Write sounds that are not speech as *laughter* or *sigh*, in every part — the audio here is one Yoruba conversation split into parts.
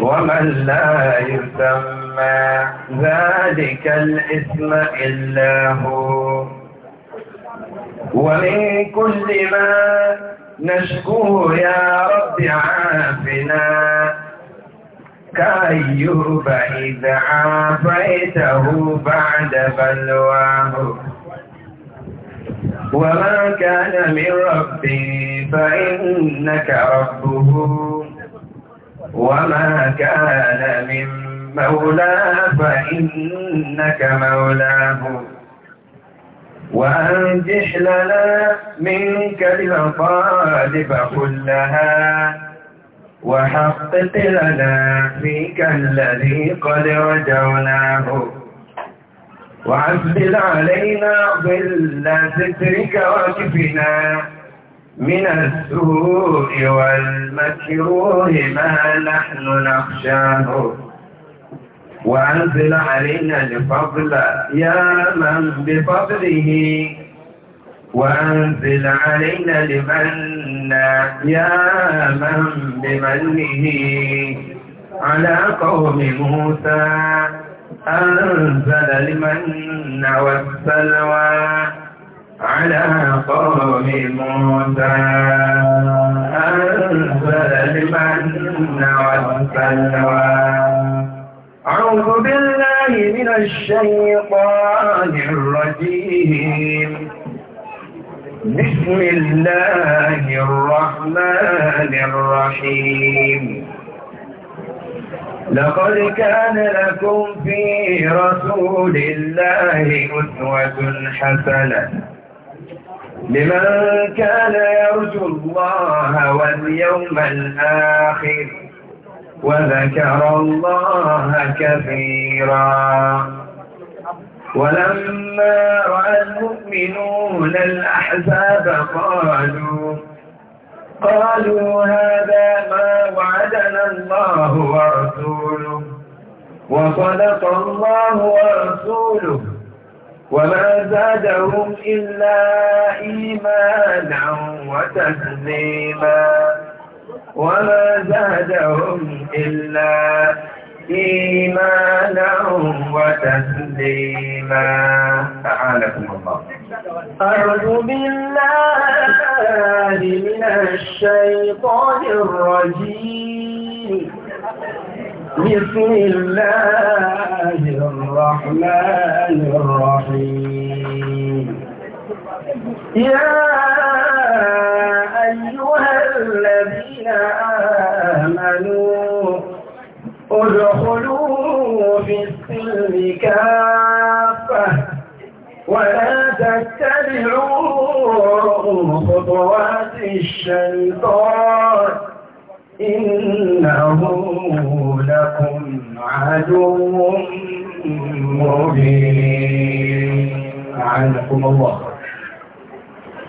ومن لا يسمى ذلك الاسم إلا هو ومن كل ما نشكوه يا رب عافنا كأيوب إذا عافيته بعد بلواه وما كان من ربي فإنك ربه وما كان من مولى فإنك مولاه وأنجح لنا منك المطالب كلها وحقق لنا فيك الذي قد رجوناه وعزل علينا ظل سترك وكفناه من السوء والمكروه ما نحن نخشاه وأنزل علينا الفضل يا من بفضله وأنزل علينا لمنا يا من بمنه على قوم موسى أنزل لمن والسلوى على قوم موسى أنزل المن والسلوى أعوذ بالله من الشيطان الرجيم بسم الله الرحمن الرحيم لقد كان لكم في رسول الله أسوة حسنة لمن كان يرجو الله واليوم الآخر وذكر الله كثيرا ولما رأى المؤمنون الأحزاب قالوا قالوا هذا ما وعدنا الله ورسوله وصدق الله ورسوله وما زادهم إلا إيمانا وتسليما وما زادهم إلا إيمانا وتسليما أعانكم الله أعوذ بالله من الشيطان الرجيم بسم الله الرحمن الرحيم يا أيها الذين آمنوا ادخلوا في السلم كافة ولا تتبعوا خطوات الشيطان إنه لكم عدو مبين أعانكم الله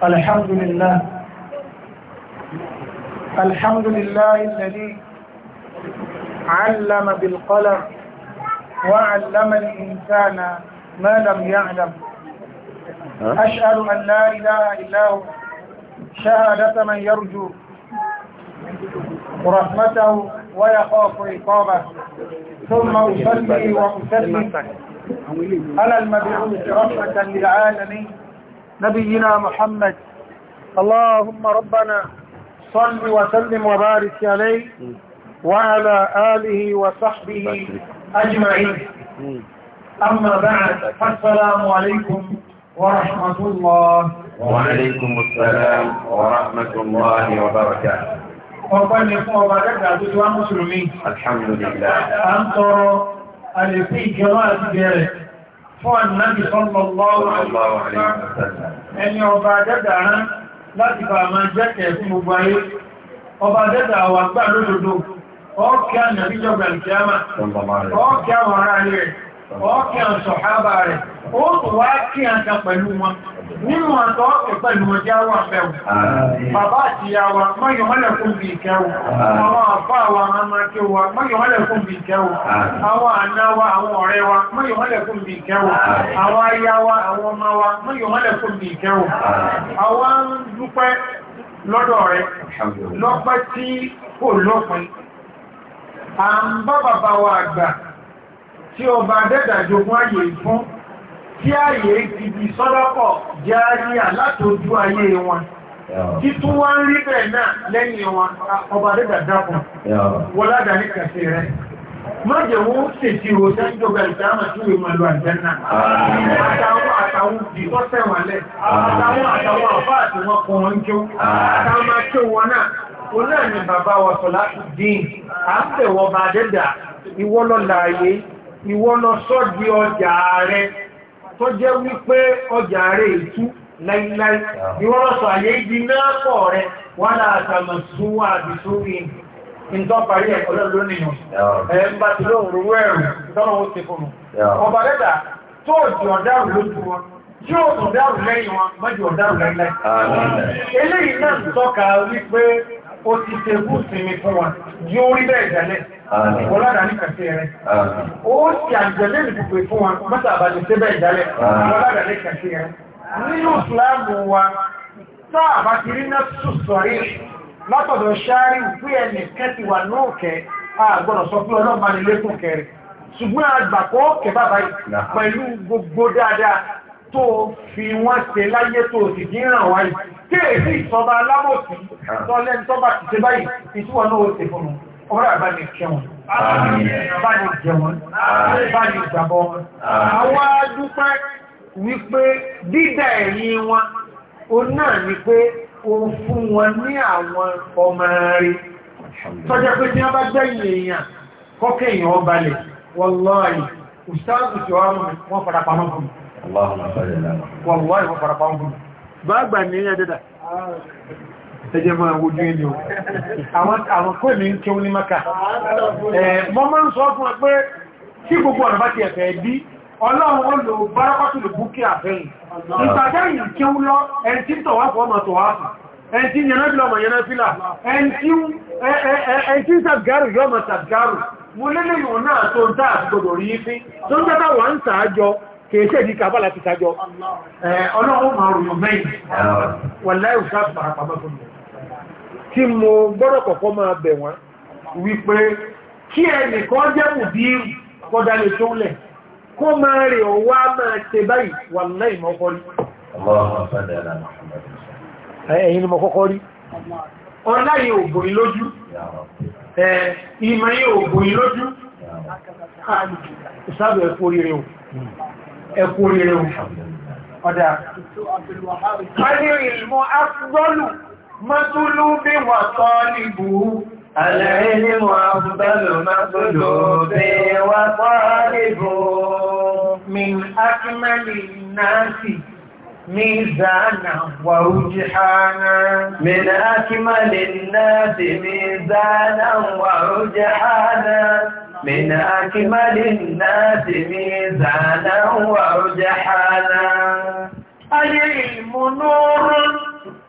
الحمد لله الحمد لله الذي علم بالقلم وعلم الإنسان ما لم يعلم أشهد أن لا إله إلا هو شهادة من يرجو رحمته ويخاف عقابه ثم أصلي وأسلم على المبعوث رحمة للعالمين نبينا محمد اللهم ربنا صل وسلم وبارك عليه وعلى آله وصحبه أجمعين أما بعد فالسلام عليكم ورحمة الله وعليكم السلام ورحمة الله وبركاته ọ̀pọ̀ ni fún ọba dẹ́gbà tó ti wá mùsùlùmí. Alhamdulillah. A ń tọrọ àlèfí ìjọba àti bẹ̀rẹ̀ fún ànàbì sallallahu ẹni ọba dẹ́gbà rán láti bá ma àwọn ará rẹ̀, ọ́kẹ́ àwọn sọ̀hábà rẹ̀, ó tó wá kí àkà pẹ̀lú wọn. nínú àtọ́ ìpẹ̀lú ọjá wà fẹ́wù bàbá àti ìyá wa mọ́yọ̀mọ́lẹ̀ fún bí ìkẹ́wù àwọn àfá wa amáké wa mọ́yọ̀mọ́lẹ̀ fún bí ìkẹ́wù àwọn àná wa àwọn ọ̀rẹ́ wa mọ́yọ̀mọ́lẹ̀ fún bí àwọn aya wa àwọn ọmọ wa fún bí àwọn dúpẹ́ lọ́dọ̀ lọ́pẹ́ tí kò lópin à ń bá bàbá wa àgbà tí ọba tí ààyè ti di sọ́dọ́pọ̀ jẹ́ àríyà látojú ayé wọn tí tún wá ń rí bẹ̀ náà lẹ́yìn wọn ọba dẹ́gbà dákùn wọládà ní kàṣẹ rẹ̀ májèwó ṣètì rò sẹ́jọba ìdáhùn tí wèé mọ̀lú àjẹ́nà àtàwọn àtàwọn ìdìbọ́ sẹ́wọ̀lẹ̀ náà òun náà ni bàbá wa sọ láti dín à ń bẹ̀wọ̀ bá dẹ́dà ọjà rẹ̀ tó jẹ́ wípé ọjà rẹ̀ ìtú láíláí ìwọ́rọ̀sọ̀ ah. àyè ìdí náà pọ̀ rẹ̀ wọ́n náà sàmọ̀sú àbìsúwì ìtọ́parí ẹ̀kọ́lẹ̀ lónìí ah. ẹ̀ ń bá ti lóhùn rú ẹ̀rù tọ́nà ó ti fún un ah. ọba lẹ́dà tó jù ọ̀dáàrù lójú wọn yóò tún dáàrù lẹ́yìn wọn mọ́jú ọ̀dáàrù láíláí eléyìí náà tọ́ka wípé ó ti ṣe bú sinmi fún wa yóò rí bẹ́ẹ̀ jẹ́lẹ̀ wọ́lọ́dà ní kàtí rẹ̀ ó ti àjẹ́lẹ̀ ìdìbò fún wa mọ́ta àbájẹ́ ṣe bẹ́ẹ̀ jẹ́lẹ̀ wọ́lọ́dà ní kàtí rẹ̀ nínú ìsìláàmù wa táà bá ti rí náà sùsọ̀rí látọ̀dọ̀ ṣáárí ìpé ẹnì kẹ́tì wà lóòkẹ́ àgbọ̀nà sọ pé ọlọ́mọ tó fi wọ́n ṣe láyé tó ti dínràn wáyé tí èsì ìsọba alábòsí ah. tọ́lẹ́ tọ́ba ti ṣe báyìí ìtúwọ̀ náà ó ṣe fún un ọ̀rọ̀ àbáni kẹwọn àbáni jẹwọn àbáni ìjàbọ̀ wọn àwọn adúpẹ́ wípé dídà ẹ̀yìn wọn o náà ni pé o fún wọn ní àwọn ọmọ rẹ tọ́jà pé tí wọ́n bá gbẹ̀yìn èèyàn kọ́kẹ́ èèyàn ọbalẹ̀ wọ́n lọ́ọ̀yìn òṣìṣẹ́ àtúnṣe wọn fara pamọ́ fún mi wàlúwàlú wọ́n farapa ń gùn bá gbà ní ẹ̀dẹ́dà ẹjẹ́ mọ́ ojú ilé o àwọn kó èmì ń kéwú ní maka mọ́ mọ́ ń sọ fún pé tí gbogbo ọ̀nà bá ti ẹ̀fẹ́ bí ọlọ́run ó lò bárakọ́tùlù búkí àfẹ́yìn ìtàjẹ́yìn kéwú lọ ẹni tí tọ̀wáfọ́ ọmọ tọ̀wáfọ́ ẹni tí yẹnà bí lọ́mọ yẹnà fílà ẹni tí sàgárù lọ́mọ sàgárù mo lélẹ́yìn náà tó ń tà àti gbogbo rí fín tó ń jẹ́ kìí ṣe ìdíkà bá láti ṣàjọ ọlọ́run máa rùn mẹ́yìn wọ́n láì ṣàpà àpamọ́ fún mi tí mo gbọ́dọ̀ kọ̀kọ́ máa bẹ̀ wọ́n wípé kí ẹnìkan jẹ́ mùdí kọ́dá lè tó lẹ̀ kó máa rè ọwá máa ṣe báyìí wà láì mọ́kọ́ rí ẹ̀yìn ni mo kọ́kọ́ rí ọlá yìí ò bòrí lójú ìmọ̀ yìí ò bòrí lójú ìsáàbẹ̀ fórí rẹ̀ يقول لهم قد قد العلم أفضل مطلوب وطالبه العلم من أكمل الناس ميزانا ورجحانا من أكمل الناس ميزانا ورجحانا من أكمل الناس ميزانا وارجحانا العلم نور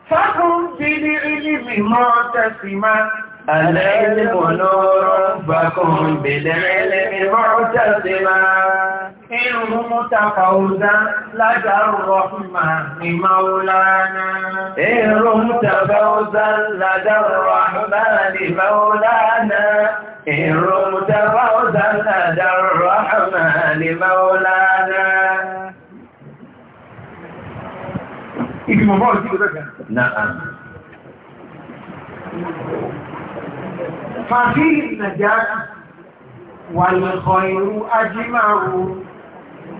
فكن بالعلم معتصما العلم نور فكن بالعلم معتصما إنه متفوزا لدى الرحمن مولانا إنه متفوزا لدى الرحمن مولانا إنه متفوزا لدى الرحمن مولانا نعم ففي النجاة والخير أجمعون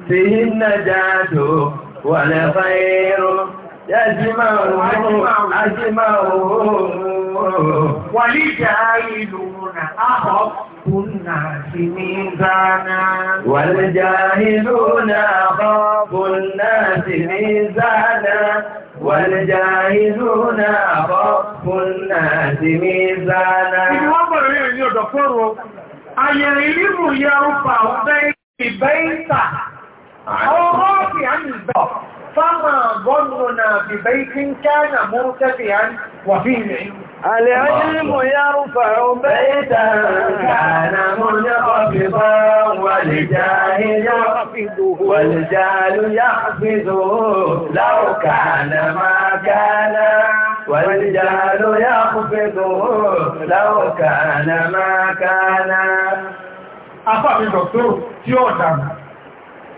فيه النجاة والخير يجمعه أجمعه ولجاهلون أخف الناس ميزانا والجاهلون أخف الناس ميزانا والجاهلون أخف الناس ميزانا Ayẹ̀rẹ̀ ilé mú yẹ ọpa ọ̀fẹ́ ìbẹ́ ìta أو رافعا الباب فما ظننا ببيت كان مرتفعا وفيه العلم يرفع بيتا كان منقبضا والجاه يحفظه والجال يحفظه لو كان ما كان والجال يحفظه لو كان ما كان أفهم الدكتور شو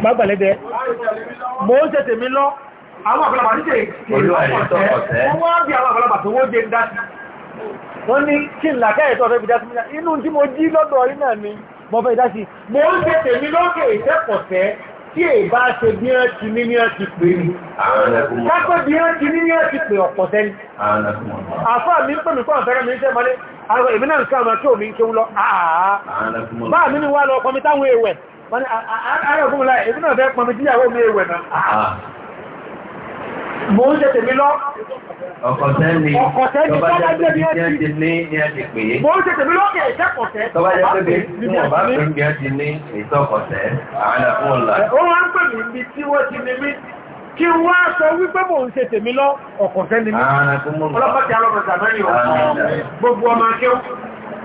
Gbàgbàlẹ́dẹ́. Mo ń tètè mi lọ, àwọn àgbàlagbà ní tèèrè wọ́n ní kí n làkáyẹ̀ tó ọ̀fẹ́ fi dásí mìíràn inú tí mo jí lọ́dọ̀ iná ni mo fẹ́ dásí mo ń tètè mi lókè ìtẹ́kọ̀ọ́fẹ́ tí è bá ṣe bí ẹ́ ti ní ní ẹ́ ti pè ní kápẹ́ bí ẹ́ ti ní ní ẹ́ ti pè ọ̀pọ̀ tẹ́ni àfáà mi ń pè mí fọ́n fẹ́rẹ́ mi ń tẹ́ mọ́lé àwọn èmi náà nǹkan àmà tí ò mi ń kéwú lọ àà báà mi ni wá lọ ọkọ̀ mi táwọn èèwẹ̀ wọ́n ará fún láì ìbínú mo ah. ah. ń tètè mi lọ ọkọ̀tẹ́ ni tọba jẹ́ pé bí ti ní ní ẹ̀dì mo ń tètè mi lọ́kẹ̀ ìṣẹ́kọ̀tẹ́ tọba jẹ́ pé bí tí wọ́n bá pè bí ti ní ìṣọ́kọ̀tẹ́ àwọn ẹ̀fún ọ̀la ó wá ń pè mí bí tí wọ́n ti ní mí kí wọ́n sọ wípé mò ń ṣe tèmi lọ ọkọ̀tẹ́ ni mí ọlọ́pàá ti alọ́pàá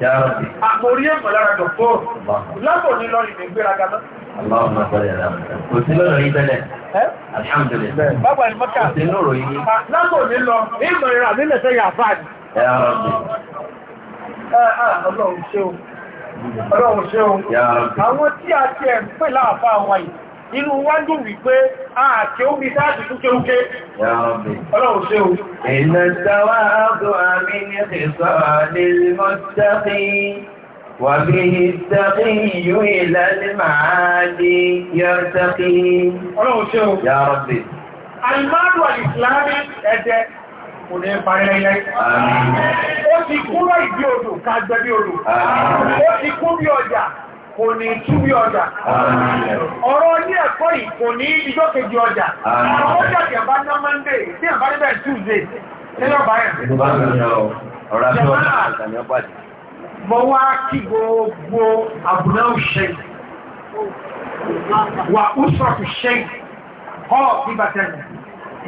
Àkòrí ẹ̀kọ́ lára dọ̀pọ̀, lábò ní lọ ìrìn gbéraga náà. Aláwọ̀ máa sọ́rọ̀ ẹ̀rọ. Kò sí lọ́rọ̀ yìí tẹ́lẹ̀. Alhamdulillah. Bàbá ìmọ́ká. Kò sí lọ́rọ̀ yìí. Lábò ní lọ, ìmọ̀ ìrà Àwọn tí a ti ẹ̀ ń pè láàfáà wáyìí inú wájú wípé ààkẹ́ ó bí sáàtì túkéúké ọlọ́run ṣe o. Ìlẹ̀ tàwà ààbò àmì ní ẹ̀sọ́ lè mọ́tàkì wà bí ìtàkì yóò ìlàlẹ́ màá kò ní parẹ́ ilẹ̀. Ó ti kúrò ìdí odò ká bí odò. Ó ti kú bí ọjà kò ní túbí ọjà. ọ̀rọ̀ ní ẹ̀kọ́ yìí kò ní ijọ́ kejì ọjà. àwọn ọjà tí a bá ná mọ́ndé tí a bá ní bẹ́ẹ̀ túzé nílọ báyẹ̀. mọ́ wá kí gbogbo àbúná òṣè wà úsọ̀tù ṣe họ́ ìbàtẹ̀nù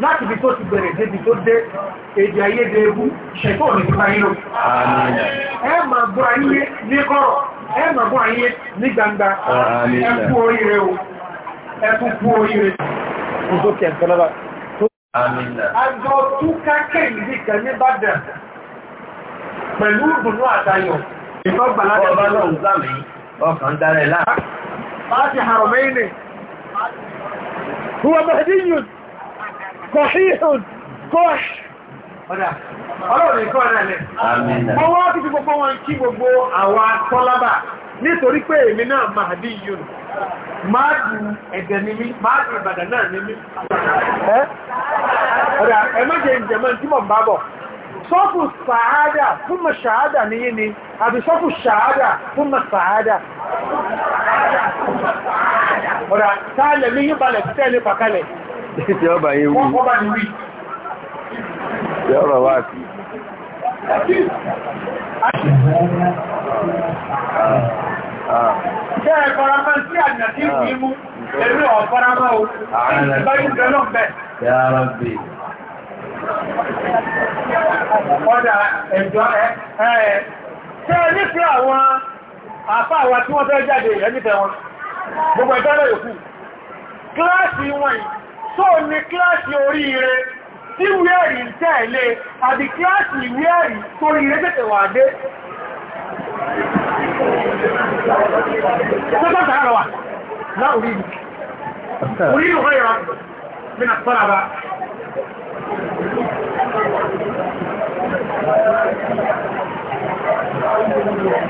láti bí tó ti bẹ̀rẹ̀ débi tó dé èdè ayédè egú ṣẹ̀tọ́ òní ti bá yín ẹ máa gbọ́ ayé ní kọ́rọ̀ ẹ màgbọ́ ayé ní gbangba ẹkú oríire o ẹkú kú oríire òsókè ẹ̀kọ́lọ́bà àjọ túká kẹ́yìndì kan ní bàdàn pẹ̀lú ìdùnnú àtayọ̀ ìfọ́gbàládà ọ̀bá ọkàn dárẹ̀ láàá láti haramaini huwa mahdiyun sahihun Ọ ọlọ́run ìkọ́ rẹ̀ lẹ̀. mo wá kí fi gbogbo wọn kí gbogbo àwa tọ́lábà nítorí pé èmi náà máa dí yìí máa dù ẹ̀dẹ̀ Ọdụ máa dù ìbàdàn náà ni ọ̀dà tí bá bọ̀ sàádà fún mọ̀ sàádà *laughs* yọ́rọ̀ wá sí Iṣẹ́ ẹ̀fọ́ramá sí àjìnà tí ó fi mú, ẹ̀rú ah. ọ̀fọ́ramá o, ìbáyé ìjọlọ́ bẹ̀. Yára bè. Ọ̀dà ẹ̀jọ́ ẹ̀ ṣe nífẹ́ àwọn àpá àwà tí wọ́n fẹ́ jáde ẹ̀ nífẹ́ wọn, gbogbo ẹ̀tọ́rọ̀ yòókù. Kíláàsì wọn yìí, só ní kíláàsì oríire tí ìwé ẹ̀rí ń tẹ̀lé àbí kíláàsì ìwé ẹ̀rí tó rí lẹ́tẹ̀tẹ̀ wà dé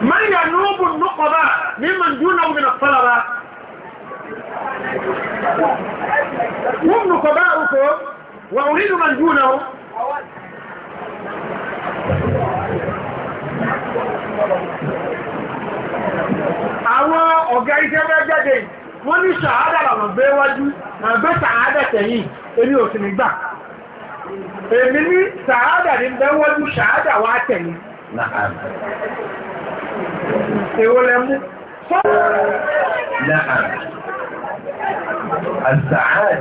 من ينوب النقبة ممن دونه من الطلبة هم نقباؤكم وأريد من دونه àwọn ọ̀gá iṣẹ́ bẹ́ jáde wọ́n ní ṣàádà làwọn gbé wájú wọ́n gbé ṣàádà tẹ̀yìn èmi ò sì ní gbà èmi ní ṣàádà ní bẹ́ wájú ṣàádà wá tẹ̀yìn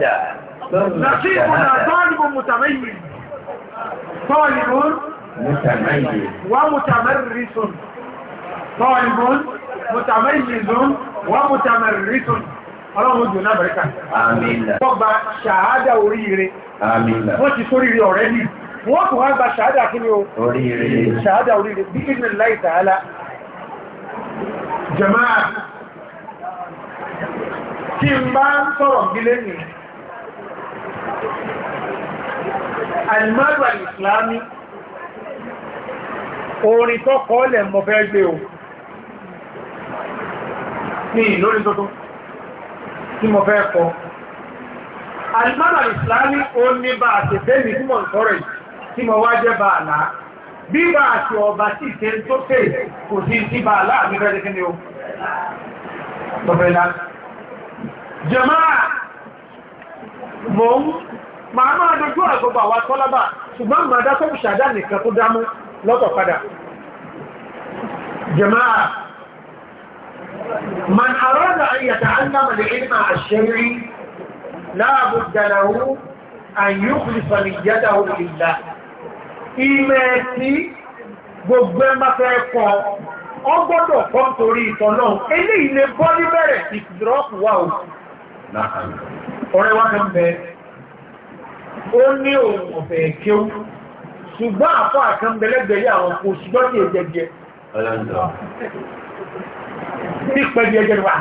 èwo نصيبنا طالب متميز طالب متميز ومتمرس طالب متميز ومتمرس ọlọ́run jù náà bẹ̀rẹ̀kà wọ́n gba ṣàádà oríire wọ́n ti sóríire ọ̀rẹ́ ní wọ́n tún wá gba ṣàádà kí ni o ṣàádà oríire bí ìdínlẹ̀ láì tààlà jẹ̀máà tí ń bá sọ̀rọ̀ gílé nìí alìmọ́lù alìsìlámi orin tó kọ́ọ̀lẹ̀ mọ̀ fẹ́ gbé o ní ìlórí tó tó tí mọ̀ fẹ́ kọ́ alìmọ́lù alìsìlámi ó ní bá àti bẹ́ẹ̀mì tí mọ̀ ń sọ́rọ̀ tí mọ̀ wá jẹ́ bá àlá bí bá àti ọba sí ìṣẹ́ tó tẹ̀ kò sí sí bá àlá mọ̀ ń máa máa dojú àgbọ̀gbọ̀ àwọn atọ́lábà ṣùgbọ́n máa dá sọ́bù ṣàdá nìkan tó dámú lọ́tọ̀ padà jama'a man arada an yata'allama al-ilma ash-shar'i la budda lahu an tí gbogbo ẹ máa fẹ́ kọ ọ gbọ́dọ̀ kọ́ nítorí ìtọ̀ náà eléyìí lè bọ́ níbẹ̀rẹ̀ ìfìdírọ́pù wà ó ọ̀rẹ́ wá kan bẹ ó ní ohun ọ̀fẹ́ kéwú ṣùgbọ́n àfọ́ àkan bẹ̀lẹ́gbẹ̀ẹ́ àwọn kò ṣùgbọ́n ní ẹjẹjẹ ní pẹ̀jẹjẹ wà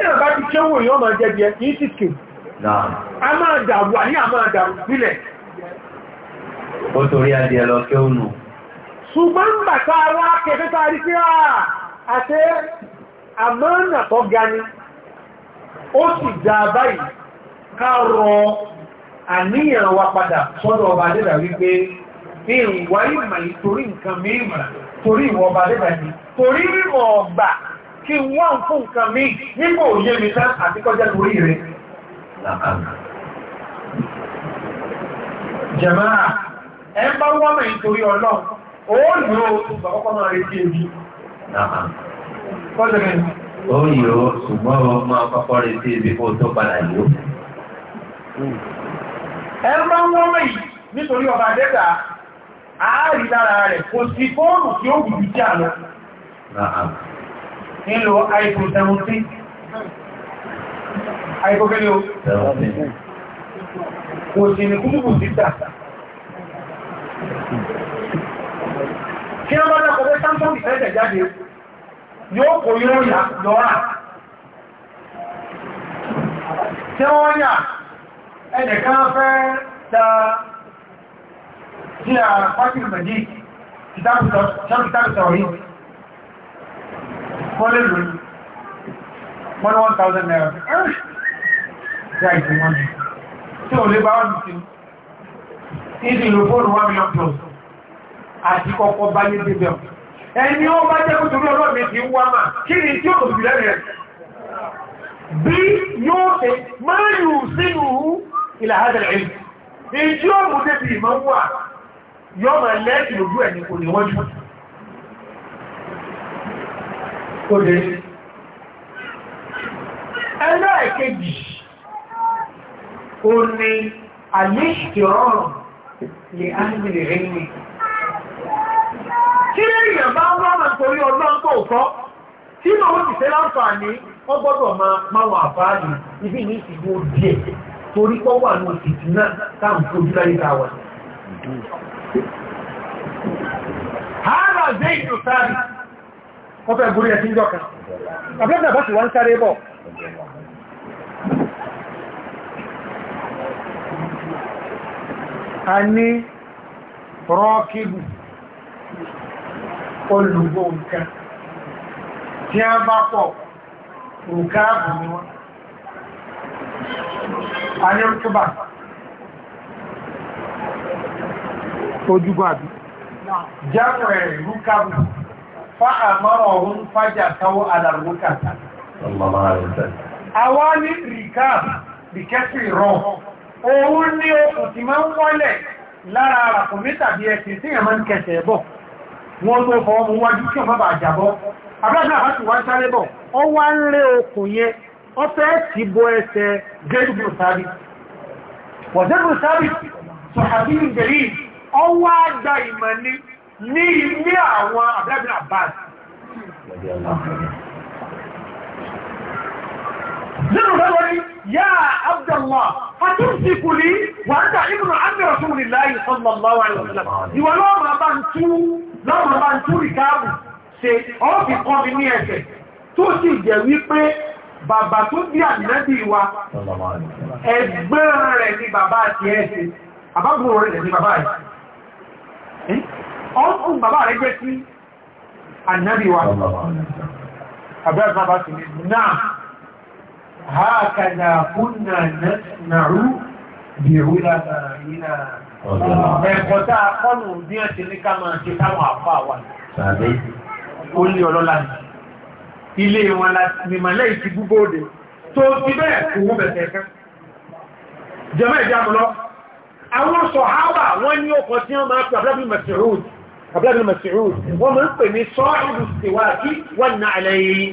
ẹ̀rọ bá ti kéwú èèyàn máa jẹjẹ kìí sì kè a máa dàrú àní àmà dàrú sílẹ̀ ó torí adìẹ lọ kéwú nù ṣùgbọ́n bàtà wá kẹfẹ́ tàrí pé àṣẹ àmọ́ nà tó ga ni ó sì dà kárọ àníyàn wa padà sọ́dọ̀ ọba adẹ́dà wípé ní ìwà ìmà ìtorí nǹkan mìíràn torí ìwọ ọba adẹ́dà ni torí mímọ̀ ọgbà kí wọ́n ń fún nǹkan mí nígbò òye mi tán àti kọjá torí rẹ̀ jẹ̀máà ẹ bá wọ́n mẹ́ ìtorí ọlọ́run ó lò ó ṣùgbọ́n kọ́kọ́ máa retí ebi kọ́jọ́ mẹ́rin ó yóò ṣùgbọ́n ọmọ akọ́kọ́ retí ebi kó tó padà yóò ẹ̀rọ ń wọ́n mẹ́ yìí nítorí ọba dẹ́ta ààrí lára rẹ̀ kò sí fóònù tí ó gùn jíjà lọ nílò iPhone 17 iPhone kẹ́lẹ́ o kò sí ní kúrùkù títà kí wọ́n bá dákọ̀ pé Samsung ìfẹ́ jáde yóò kò yóò yà lọ́ra tí wọ́n yà ẹnìkan fẹ́ ta jí a pàtàkì mẹ́jì kìtàkìtà orí kọ́lé lórí wọ́n 1000 naira ṣe àìsí wọ́n ni tí ò lè bá wọ́n ti ìdí ìlú fóònù 1 million plus àti kọ́kọ́ bá yé débẹ̀ ẹni ó bá jẹ́ kútùrú ọlọ́mí ti ń wá máa kí ni tí ó kò bí lẹ́rẹ̀ẹ́ bí yóò ṣe máa yù sínú ilẹ̀ àádọ́rẹ̀ ẹ̀yìn èyí ó mú ma lẹ́ẹ̀kì lójú ẹ̀ ní kò ní wọ́n jù ó lè ẹlẹ́ẹ̀kejì ó ní àlẹ́ṣìkìrọ̀rùn iwe. torí ọlọ́run tó kọ́ tí màá wọ́n ti fẹ́ láǹfààní ọgbọ́dọ̀ máa máa wà fáàlì ibi ní ìsìnkú díẹ̀ torí pọ́ wà ní ìtì náà táà ń fojú láyé dáwà. Hàrà zé ìjò sáàrì, wọ́n fẹ́ gúrí ẹ̀sìn jọ kan. Àbúrẹ́dà bá sì wá ń sáré bọ̀. A ní rọ́kìbù olùgbò nǹkan tí a bá pọ̀ nǹkan a ní rútúbà ojúgbọ́ àbí jáwọ̀ ẹ̀rẹ̀ rúkàbù fáàmọ́rọ̀ ọ̀hún fájà táwọ́ alàrúkà àwa ní rìkàbù bìkẹ́sì rọ òun ní okùn ti máa ń wọ́lẹ̀ lára àràkùnmí tàbí ẹ̀sìn tí ẹ̀mọ́ ń kẹsẹ̀ bọ̀ wọ́n tó fọ́ ọmọ wájú kí ọmọ bà jàbọ́ abẹ́gbẹ́ àbá ti wá sáré bọ̀ ọ wá ń rẹ́ okùn yẹn ọfẹ́ ti bọ ẹsẹ̀ jẹ́rùbù sábì wọ̀jẹ́rùbù sábì sọ̀hàbí ìgbèrí ọwọ́ àgbà ìmọ̀ ní ní ilé àwọn àbẹ́bìnà báyìí nínú rẹ̀ wọ́n ni yá Abdullah fatumsiku li wà ń dà ibnu ammi rasulillahi sallallahu alaihi wasallam ìwà lọ́wọ́ bá lọ́wọ́ bàbá tó bí ànábì wa ẹgbẹ́ rẹ̀ ní bàbá àti ẹ̀ṣẹ́ àbábùrò rẹ̀ ní bàbá rẹ̀ ọkùn bàbá rẹ̀ jẹ́ sí ànábì wa àbẹ́rẹ̀ bàbá sí ní náà hákàdà kúnnà nàrú bìrúlà ìlà ẹ̀kọ́ tá a kọ́nù bí ẹ̀ṣẹ́ ní ká máa ṣe ilé wọn nìmọ̀lẹ́ ìtì gbogbo òde tó ti bẹ́ẹ̀ owó bẹ̀tẹ̀ kan jẹ́mọ́ ìjámọ́lọ́ àwọn sọ̀hábà wọ́n ní ọkọ̀ tí wọ́n máa pẹ̀ abúlábìnrin masirud wọ́n máa ń pè ní sọ́ọ̀rù síwáàkí wọ́n na àlẹ́yìn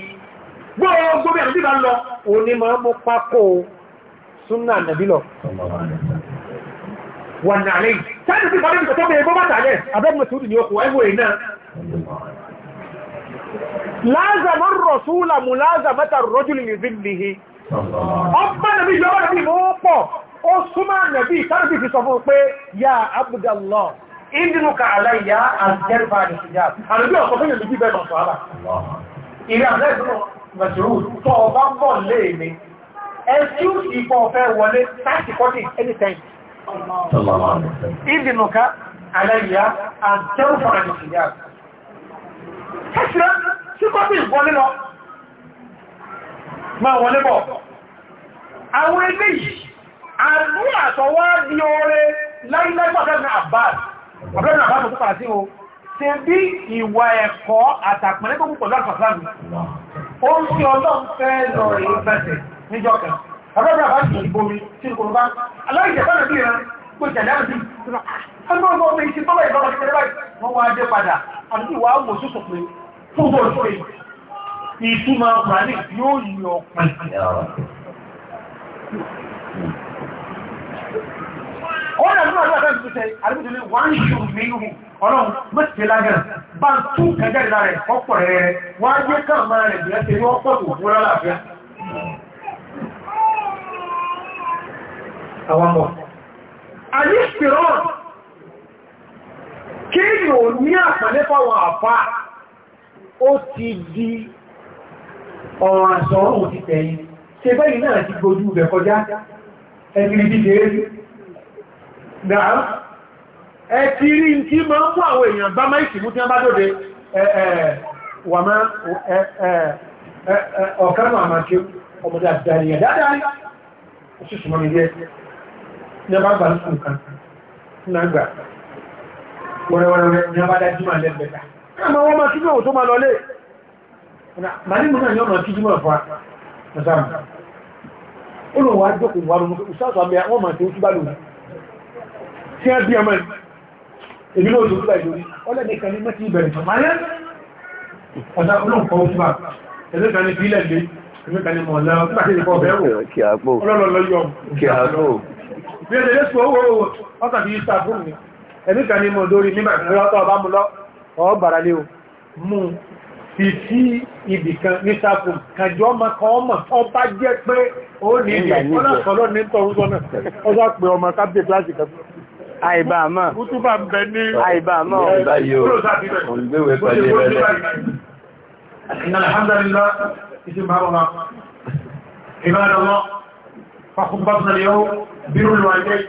gbogbo bí àmì bá lọ òní wọ́n na àlẹ́yìn sáàdì sí ìfọ́dé lázàmọ́ rọ̀súlà mú lázàmọ́ta rọ́júlì ní zílìhì ọba nàbí yọ́ nàbí mọ́ pọ̀ ó súnmọ́ nàbí tàbí fi sọ fún pé yà abúdàlọ́ ìdínúkà aláìyá àjẹ́rìfà àdìsíjà àrùbí ọ̀sọ̀ fún ìlú bíbẹ̀ lọ́sọ̀ àbà ìrìn kí kọ́ sí ìwọlé lọ máa wọlé bọ̀ àwọn ilé yìí àdú àtọwà di oore láìláìpàdánà àbáàd ọ̀gbẹ́nà àbáàd tó pàtí o ṣe bí ìwà ẹ̀kọ́ àtàpẹ̀lẹ́ tó púpọ̀ lọ́pàásáàmì ó ń fi ọlọ́run fẹ́ lọ rí bẹ̀sẹ̀ níjọ́ kan ọ̀gbẹ́nà àbáàd ti bomi tí kò bá aláìjẹ̀bánà bí ìran pé ìjẹ̀lẹ́ àti ọgbọ́n ọgbọ́n púpọ̀ tó ìtumọ̀ ọkùnrin yóò yí ọkùnrin. Wọ́n náà nígbà láti ṣe ṣe àríbìtìlé wọ́n ń ṣù nínú ọlọ́run mẹ́sìtì lágẹ̀ bá ń tún kẹjẹ́ ìlà rẹ̀ ọ̀pọ̀ rẹ̀ rẹ̀ wọ́n á gbé káà máa rẹ̀ bìí ẹ́sẹ̀ yóò pọ̀ tó wúrọ́ láàfíà. Àwọn ọmọ. Àyíṣpìrọ̀ kí yóò ní àpẹẹlẹ́fà wọn àfáà ó ti di ọ̀rọ̀ àṣọ́rùn ti tẹ̀yìn ṣe bẹ́yìn náà ti gbójú rẹ̀ kọjá ẹgbìrì bí ṣe rí náà ẹ ti rí tí ma ń mú àwọn èèyàn bá máìkì mú tí wọ́n bá dóde wà má ọ̀kánù àmàkí ọmọdé àdáyé dáadáa ó sì súnmọ́ nílé ní ọba gbà ní ọkàn náà gbà wọ́rẹ́wọ́rẹ́ ní ọba dájú máa lẹ́gbẹ̀ẹ́ ẹmọ wọn máa kíjú ọ̀wọ̀ tó máa lọlé màálìmù náà yọ́ máa kíjú mọ̀ fún ọ̀sán olùwà jókòó wà lónìí ìsáàtò àmì àwọn máa tó túbà lónìí tí a bí ọmọ èmi náà tó túbà ìlú ọlẹ́ni kan ní mẹ́tí ìbẹ̀rẹ̀ tọ̀máyẹ́ ọ̀dá olóǹkọ́ túbà ẹ̀lẹ́ kan ní fílẹ̀ lé ẹ̀mí kan ní mọ̀lẹ́ ọ̀túbà sí ìkọ́ bẹ̀rẹ̀ ọlọ́lọ́lọ́yọ̀ bí ẹ̀lẹ́ lẹ́sùn owó ọkà fi ìsà fún mi ẹ̀mí kan ní mọ̀ lórí nígbà ọgbàrálé o mú fi sí ibìkan ní sáfún kàjọ ọmọ kan ọmọ ọba jẹ́ pé ó ní ìlú ọlọ́sọ̀lọ́ ní tọrúsọ náà ọjọ́ pé ọmọ kábíyè kíláàsì kan àìbà mọ́ kútúbà ń bẹ ní àìbà mọ́ ọ̀gbà yóò olùgbéwẹ̀ pẹ̀lú ìrẹ́lẹ̀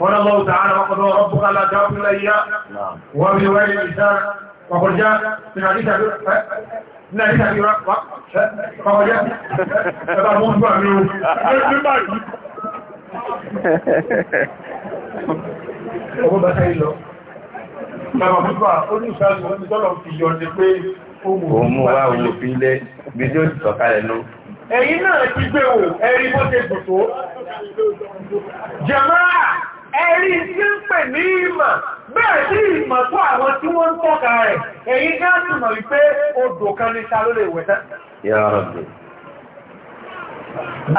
قال الله تعالى وقضى ربك لا تعبد الا اياه وفي روايه الانسان وقد جاء من حديث من حديث ابي وقد جاء فقال مخبر منه Ọgbọ́n bá sáyé lọ. Bàbá púpà ó ní ìṣàlù wọn ni tọ́lọ̀ yọ ní pé òun wá òun fi ilé bí tí ó ti sọ̀kalẹ̀ nú. Ẹ̀yin náà ti gbé wò, ẹ̀rí bó ṣe bùtó. Jẹ̀máà ẹ̀rí tí ń pè ní ìmọ̀ bẹ́ẹ̀ sí ìmọ̀ tó àwọn tí wọ́n ń tọ́ka rẹ̀ èyí ká mọ̀ wípé odò kan ní ta ló lè wẹ̀ tán. Ya Rabbi.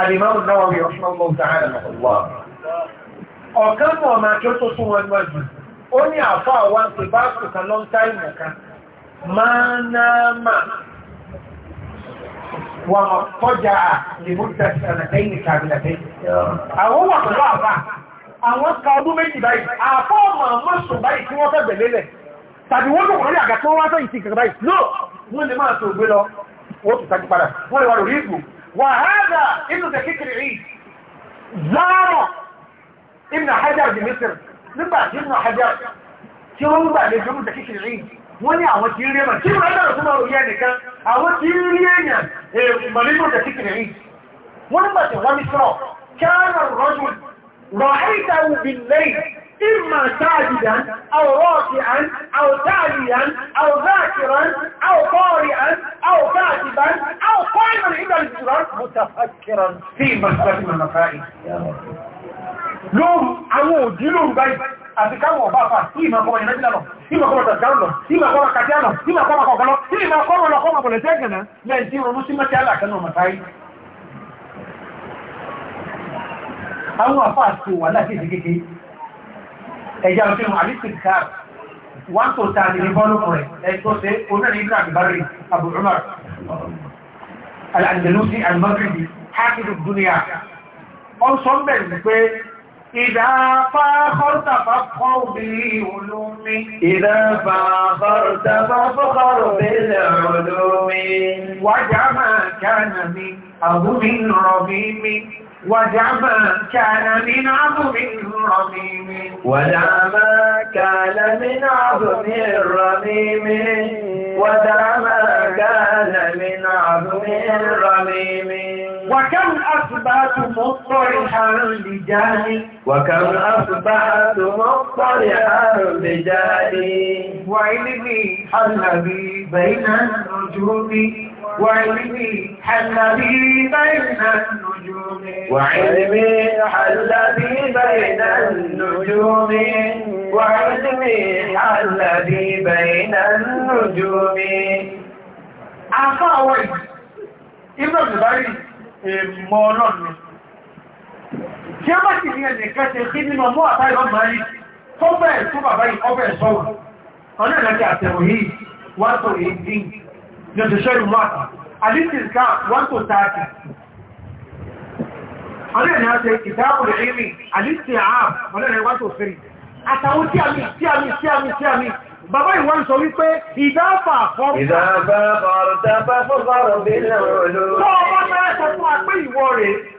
Àdìmọ́mù náà wọ́n yọ fún ọmọ ìdáhàrà náà. Ọ̀kan mọ̀ wọn bá àwọn ka ọdún méjì báyìí àfọ́ọ̀mọ̀ mọ́sùn báyìí tí wọ́n fẹ́ bẹ̀lẹ́ lẹ̀ tàbí wọ́n lòkùnrin àgà tí wọ́n wá sẹ́yìn sí ìkẹ̀kẹ̀ báyìí no wọ́n lè máa tó gbé lọ wọ́n tó sájú padà wọ́n lè wà lórí ìgbò wàhálà inú tẹ kékeré yìí záàrọ̀ ibn hajar di misir nígbà tí ibn hajar tí wọ́n gbà lè fi tẹ kékeré yìí wọ́n ní àwọn tí ń rí ẹ̀mọ̀ tí wọ́n dára tó máa rò yẹ nìkan àwọn tí ń rí èèyàn èèmọ̀ nínú tẹ kékeré yìí wọ́n nígbà tí wọ́n ní sọ̀rọ̀ kí á rọrùn rọ́jùn رأيته بالليل إما ساجدا أو راكعا أو داليا أو ذاكرا أو طارئا أو كاتبا أو قائما إلى الجرى متفكرا في مسألة من الفائد لوم عمود لوم بيت أتكلم بابا إما قوة ينجل له إما قوة تذكر له إما قوة كاتيانه إما قوة كوكالو إما قوة لقوة بلتاكنا لا ينتيرو نسي ما تعلق أنه مفائد àwọn àfà àti wà láti ìdí kékeré ẹ̀já òfin àdìsí wọ́n tó ta ní bọ́ọ̀lù rẹ̀ ẹ̀tọ́ sí onírin ibn abdulbari abu umar al-andalusi al-maghribi sọ ń ìdáfà kọ́rùtàfà kọ́rù bí olómi ìdáfà kọ́rùtàfà kọ́rù bí olómi wájá máa kí عظم ما كان من عظم رميم ودع ما كان من عظم رميم كان من عظم وكم أصبحت مصطلحا لجاهي وكم أصبحت مصطلحا لجاهي وعلمي حل بي بين النجوم وعلمي الذي بين النجوم وعلمي الذي بين النجوم وعلمي الذي بين النجوم àfáwọ̀ ìbọn ìbárí èmọ̀ ọlọ́run tí a bá sì ní ẹni kẹsẹ̀ sí nínú ọmọ àtàrí ọmọ ayé tó bẹ̀ẹ̀ tó bàbá ìkọ́bẹ̀ẹ̀ sọ́wọ́ ọ̀nà ìrìnàjò àtẹ̀wò yìí wá tó èyí dín ní òṣìṣẹ́ ìlú àti alìsìnká 1 to 30 ọdún ẹ̀nà ṣe ìdáàbòrò ìrìn alìsìn ààb ọdún ẹ̀nà 1 to 3 àtàwọn tí àmì tí àmì tí àmì tí àmì bàbá ìwọ́n sọ wípé ìdáàbà fọ́rọ̀ ìdáàbà fọ́rọ̀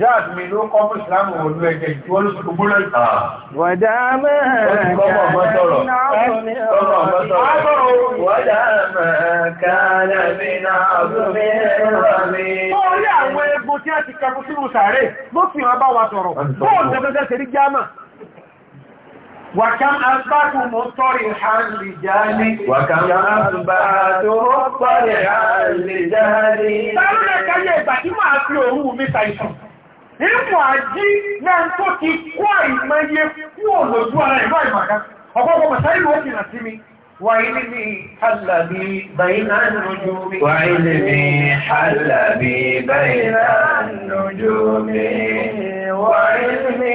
Jáàtì mi ló kọ́ mú ìsìlámù òlú ẹ̀jẹ̀ tí wọ́n ló sọ gbogbo lọ́yìn. Wọ̀dá máa kààlà mi ah, náà ọdún mi rọ̀ mi. Orí àwọn egun tí a ti وكم أثبتهم طرحا لجاني وكم أثبتهم طرحا لجاني Tàrúnà ìgbà tí máa fi òun mi ta Ìmọ̀ àjí náà tó ti kó àìmọye kú òlòjú ara ìlú àìmọ̀ká. Ọ̀pọ̀pọ̀ mọ̀sáì ló kìnà sí mi. Wà ilé mi hàlàbí báyìí náà lójú mi. Wà ilé mi hàlàbí báyìí náà lójú mi. Wà ilé mi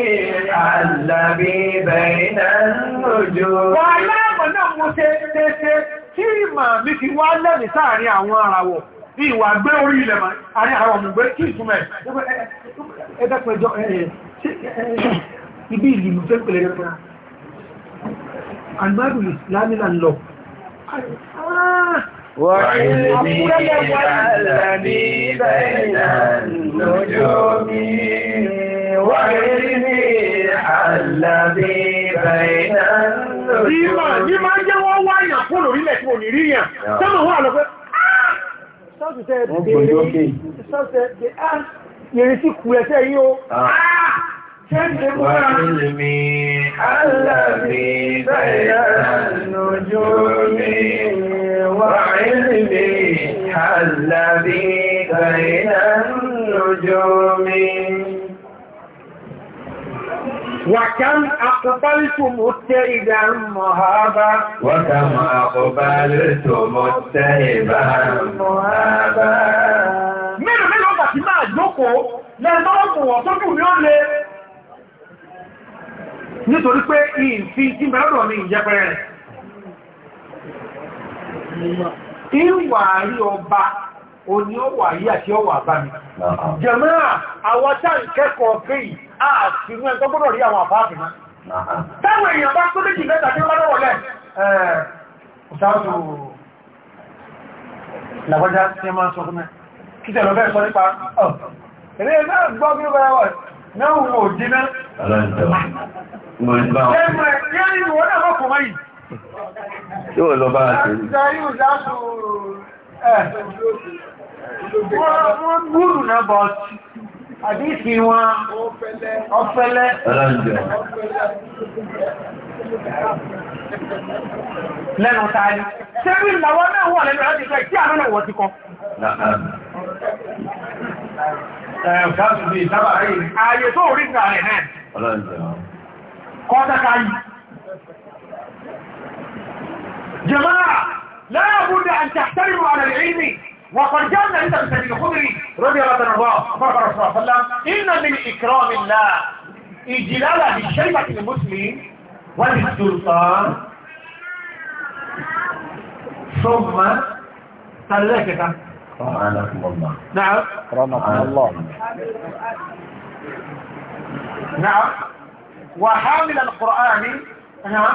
hàlàbí báyìí náà lójú mi. Wà aláàmọ̀ náà mo ṣe ṣeṣe tí ìmọ̀ mi fi wá lẹ́nìí sáàrin àwọn arawọ̀. Ìwà gbé orí ilẹ̀ mọ̀ àrí àwọn ọmọ ìgbé kí ìtumẹ̀ ẹgbẹ́pẹ̀jọ ibi ìlú fẹ́ pẹ̀lẹ̀ rẹ̀ fún almadu islami na lọ Ìmọ̀ ní máa jẹ́ wọ́n wáyàn fún orílẹ̀ tí ò ní ríyàn, sọ́mọ̀ wọ́n àlọ́pẹ́, ah! Sọ́tù tẹ́ ẹ̀bẹ̀ وعلمي الذي بين بين النجوم وكم أقبلت متهبا مهابا وكم أقبلت متهبا مهابا jókòó lẹ́ẹ̀tọ́rọ̀kùn wọ̀ ó lè nítorí pé ìfi tí mẹ́rọ̀dọ̀ mi ìjẹpẹrẹ rẹ̀ ìwà ọba òní ọwà àti ọwà bá mi jẹ̀mọ́ra àwọn ìkẹ́kọ̀ọ́ pé àti ní ẹ̀tọ́ rí àwọn èèyàn bá tó méjì mẹ́ta tí ó bá títẹ̀ lọ fẹ́ sọ nípa ọ̀ bá ṣe rí. Wọ́n gúrù náà bọ̀ àdíkì ọ̀fẹ́lẹ́. Lẹ́nu tààrí. Ṣé rí ìlàwọ́ náà wọ̀ lẹ́nu láti fẹ́ tí àmì náà wọ̀ ti kọ? نعم. آه، آه، نعم. جماعة لا بد ان تحترموا على العلم وقد جاء عند سيدنا الخضري رضي الله عنه قال رسول الله صلى الله عليه وسلم ان من اكرام الله اجلال الشيبة المسلم والسلطان ثم ثلاثة رحمكم نعم رحمكم الله نعم وحامل القرآن ها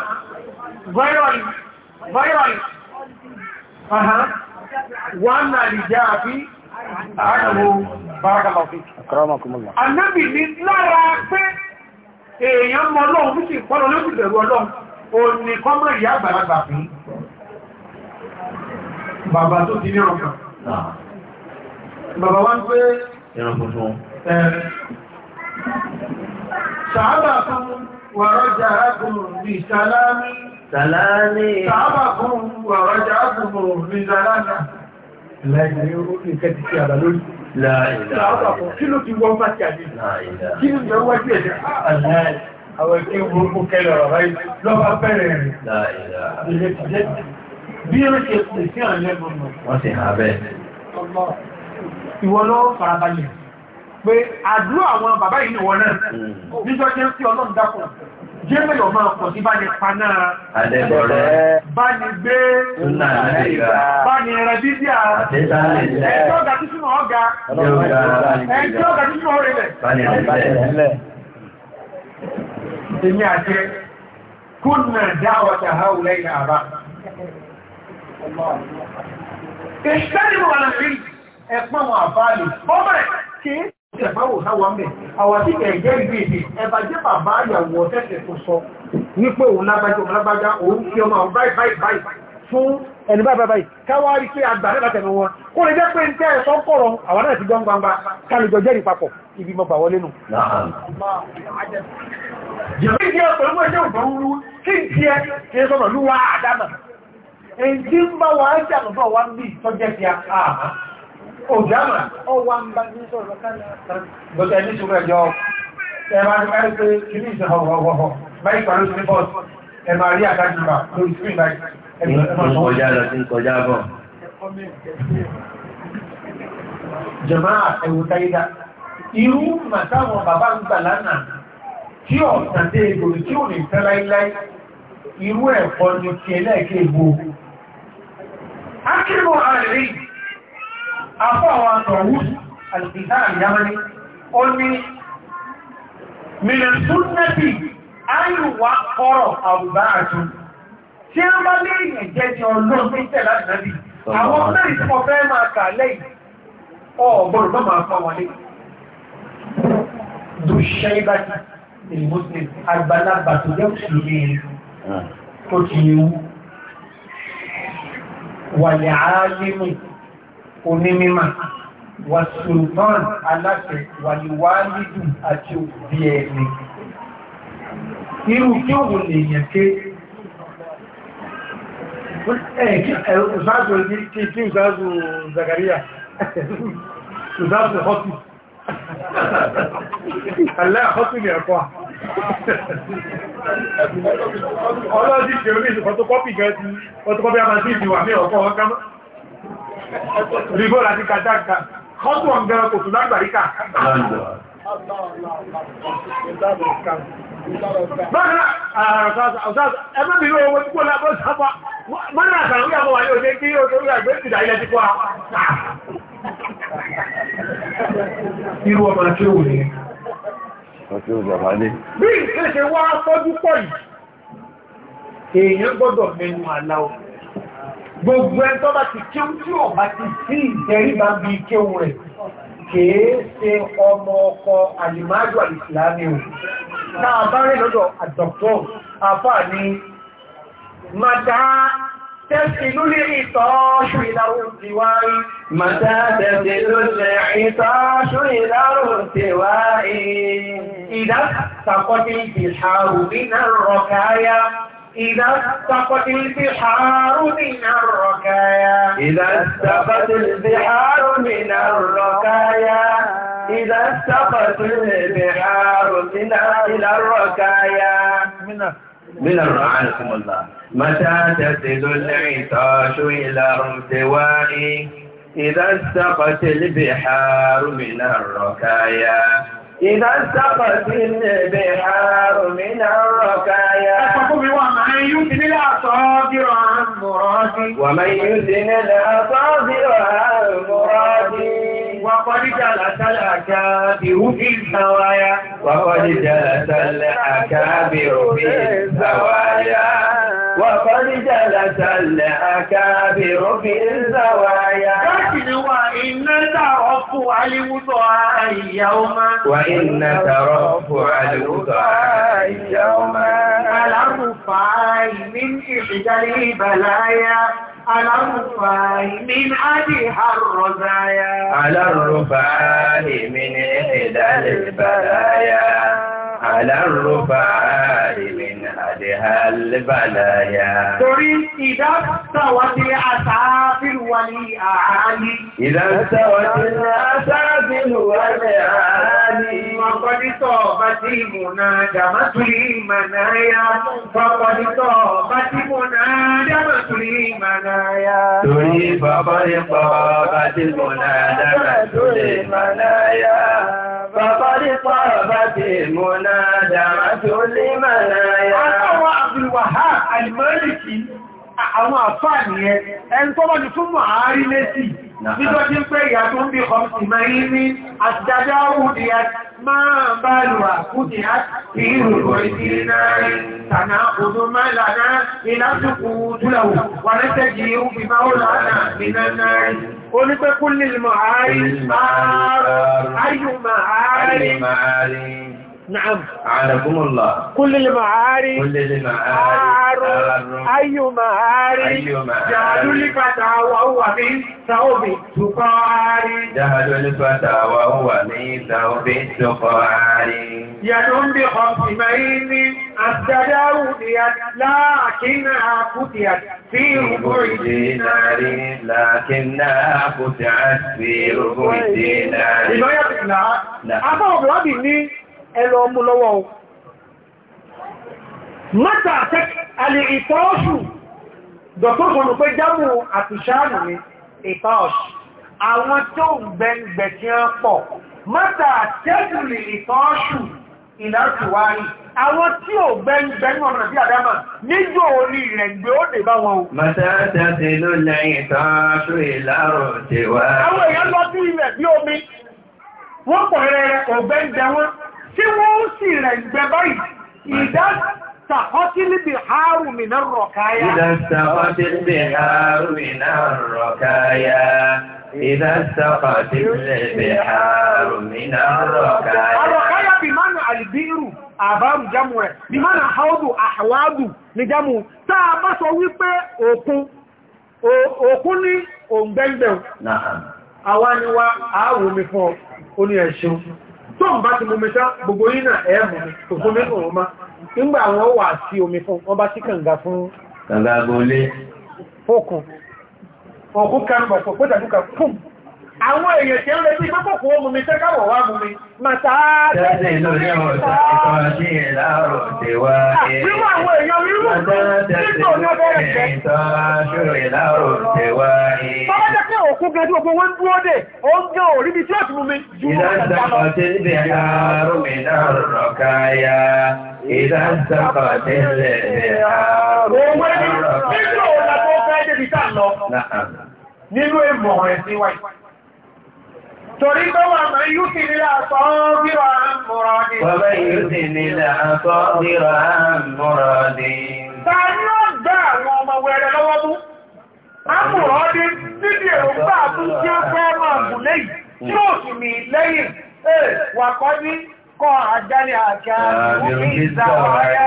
غير ال... غير ال... أها وأما لجافي عنه بارك الله فيك أكرمكم الله النبي من لا رافع èèyàn mọ ọlọ́run fún sí ìpọ́lọ ló sì bẹ̀rù ọlọ́run o ní kọ́mọ̀ ìyá àgbàlagbà fún Ah. Bàbá wá pé ìran tuntun. Ṣàábà fún wàrọ́jà ágùnrùn ní ìṣàlámí. Ṣàlámí. Ṣàábà fún wàrọ́jà ágùnrùn ní ìṣàlámí. Láìní ó ní kẹ́ ti ṣe àbà lórí. Ṣàábà fún kí ló ti wọ́n bá ti àdé? Kí ló ti wọ́n wá sí ẹ̀dẹ̀? Àwọn bí ó ṣe pè sí àlẹ́bùnmù wọ́n ti hàn bẹ́ẹ̀ ìwọ ló farabalẹ̀ pé àdúrà àwọn bàbá yìí wọ́n náà hmm. níjọ́ jẹ́ sí ọlọ́run dákùn jẹ́ mẹ́lọ máa pọ̀ sí bá ní paná àdẹ́bọ̀rẹ́ bá ní gbé bá ní ẹ̀rẹ́ dídí ẹjọ́ ọ̀gá ìṣẹ́lẹ̀ wà láti ẹ̀pọ̀ wọn àbáàlì bọ́mẹ̀ kí ìṣẹ̀fáwò náwà mẹ́ àwọn tí ẹ̀jẹ́ ìgbé ìdí ẹ̀bà jẹ́ bàbá àyàwó ọ̀tẹ́sẹ̀ tó sọ wípé òun lágbájá òun lágbájá òun kí ọmọ àwọn báyìí báyìí báyìí fún ẹni báyìí báyìí káwárí pé àgbà rẹ̀ látẹ̀nu wọn kó lè jẹ́ pé ń tẹ́ ẹ̀sọ́ kọ̀rọ̀ àwọn náà ti gbọ́n gbangba kálùjọ jẹ́rì papọ̀ ibi mọ́ bà wọlé nù. jẹ́rì jẹ́ ọ̀pọ̀lọpọ̀ ẹjẹ́ òbọ̀rúurú kí n tiẹ̀ kí n sọ̀rọ̀ lúwa àdámà èdè ń bá wà á jà lọ́fọ́ wá ń bí ìtọ́jẹ́ ti àmà òjàmà ọwà ń bá ní sọ̀rọ̀ lọ́kànlá gbọ́dọ̀ ẹni ṣùgbọ́n ẹjọ́ ẹ máa ní báyìí pé kí ní ìṣẹ̀ ọ̀họ̀họ̀họ̀ báyìí pàlú sí bọ́ọ̀sì ẹ máa rí àkájúbà lórí sí ìbáyìí ẹ máa sọ kọjá lọ sí kọjá bọ̀. jàmáà ẹ̀wù táyídá irú màtáwọn bàbá ń gbà lánàá tí ọ̀sán dé tí ò ní tẹ́láíláí irú ẹ̀kọ́ ni ti ẹlẹ́ẹ̀kẹ́ ìgbòho akílò ààrẹ afọ́ àwọn àtọ̀wú àdìdá àyàmẹ́ni ó ní mìlẹ̀súnnẹ́bì ayùwà kọ́rọ̀ àwùbá àjú tí a bá lè yẹ̀ jẹ́ jẹ́ ọlọ́run tó ń tẹ̀ láti náà bí àwọn mẹ́rin tí mo fẹ́ máa kà lẹ́yìn ọ̀gbọ̀n tó máa fọ́ wọlé dùṣẹ́ ìbájú ìmúslim àgbàlagbà tó jẹ́ òṣèlú ah. tó ti ewu wàlẹ̀ àálímù onímímà wàsùlùmán aláṣẹ wàlíwálìdù àti òbí ẹni irú kí òun lè yàn ké ṣáàtò kí n ṣáàtò zakaria ṣáàtò hoti alẹ́ àkọ́tù ní ẹ̀kọ́ Ọlọ́dí ṣe orí ìfọ́tọ́kọ́pì gan ti fọ́tọ́kọ́pì a máa sí ìdíwà ní ọ̀pọ̀ ọkà mọ́. Rígbó láti kàjáka, kọ́tù ọ̀gbẹ̀rẹ̀ kò tún lágbàríkà. Bọ́nà àrọ̀sáàsá, ẹgbẹ́ mi lówó tí kò lábọ́ sápá, mọ́nà àtàrí àwọn wà ní òṣè kí ó tó rí àgbẹ́ ìdà ilẹ̀ ti kọ́ ọtí ó bàbá dé. bí ìṣe ṣe wá tọ́jú pọ̀ yìí èèyàn gbọ́dọ̀ mẹ́nu àlá o gbogbo ẹ tọ́ bá ti kéwú tí ò bá ti sí ìtẹríba bí kéwú rẹ̀ kìí ṣe ọmọ ọkọ̀ àlìmáàdù àlìsìláàmì o náà bá rí lọ́dọ̀ àdọ̀tọ̀ àfáà ní تسل العطاش إلى الارتواء متى تسل العطاش إلى الارتواء إذا سقط البحار من الركايا إذا سقط البحار من الركايا إذا سقط البحار من الركايا إذا سقط البحار من إلى الركايا من رعاكم الله متى تسد العطاش إلى ارتوائي إذا استقت البحار من الركايا إذا انتقت البحار من الركايا ومن يدن الأصابر عن مراد ومن يدن الأصابر عن مراد وقد جلس الأكابر في الزوايا وقد جلس الأكابر في الزوايا قد جلس الأكابر في الزوايا لكن وإن ترفع الوضع يوما وإن ترفع الوضع يوما على الرفع من إحدى البلايا على الرفع من أبيها الرزايا على الرفع من إحدى البلايا على الرفاع من هذه البلايا تريد إذا استوت الأساس الولي أعالي إذا استوت الأساس الولي أعالي وقد طابت المنادمة للمنايا فقد طابت المنادمة للمنايا تريد فقد طابت المنادمة للمنايا فقد طابت المنادمة لمنايا أبو عبد الوهاب المالكي àwọn àfáà nìyẹn ẹni tó bá ti fún mọ̀ àárí létí Nígbà tí ń pé ìyà tó ń bí ọmọdé mẹ́rí ní àtìdájá òwúdí máa bá lùwà fúdí àti ìrùkọ ìdí náà tànà òdó máa lànà ìlàsùkú dúlàwò wà lẹ́sẹ̀ jí ó fi máa ó lànà nínà نعم عانكم الله كل المعاري كل المعاري أي معاري جهدوا الفتى وهو من ثوب التقار جهدوا الفتى وهو من ثوب التقار يد بخمس مين أسجد أوديت لكنها فتيت في ربع دينار لكنها فتيت في ربع دينار لا تقلع؟ أما أبلغني ẹlọ ọmú lọ́wọ́ o mọ́ta alì ìtọ́ọ̀ṣù dọ̀tọ́ kò lù pé jámù àtìṣáàmù ni ìtọ́ọ̀ṣù àwọn tó ń gbẹ̀ǹgbẹ̀ tí a pọ̀ mọ́ta tẹ́kùlì ìtọ́ọ̀ṣù ìlàtùwárí àwọn tí ò gbẹ́ngbẹ́n ọ̀nà bí àdámà níjò orí rẹ̀ gbé ó dè bá o. mọ̀tàtà ti ló lẹ́yìn tán ṣú ìlàrò ti wá. àwọn èèyàn lọ sí ilẹ̀ bí omi wọ́n tí wọ́n sì rẹ̀ gbẹ báyìí ìdá tàkọ́tílì bí haru mìnà rọ̀káyá ìdá tàkọ́tílì bí haru mìnà rọ̀káyá ìdá tàkọ́tílì bí haru mìnà rọ̀káyá rọ̀káyá bí mánà àlìbírù àbárù jámù rẹ̀ bí mánà haúdù àwádù ní jámù táa bá sọ wípé òkun òkun ní òǹgbẹ́ngbẹ̀ àwọn ni wa àáwò fún ọ ó ní ẹ̀ṣùn tó ń bá ti mú mi tán gbogbo yìí náà ẹ̀ mú mi kò fún mi kò rọ́ má nígbà wọn wà sí omi fún wọn bá sí kànga fún kànga agolé fókun ọkún kanbọ̀ pọ̀ fún àwọn èèyàn tí ó lè bí pọ́pọ̀ kò mú mi tẹ́ káwọ̀ wá mú mi máa tàá òkú gẹ́ tí òkú wọ́n dúró dè ó ń gẹ́ òrí bí tí ó ti mi jù ya ìdájọ́kọ̀tí bí àárùn mi náà ya nínú èmọ̀ ẹ̀sìn wáyé. Torí tó wà máa yú ti nílá àtọ́ bírọ̀ àmúrọ̀ ni. Bàbá yú ti nílá àtọ́ bírọ̀ ni. Ta ni ó gbá àwọn ọmọ wẹrẹ lọ́wọ́ mú? Amúrọ́dé níbi èròǹgbà tún tí ó fẹ́ máa gùn lẹ́yìn tí ó sì mì lẹ́yìn wàkọ́ ní kọ àjálẹ̀ àjá ní ìzàwáyá.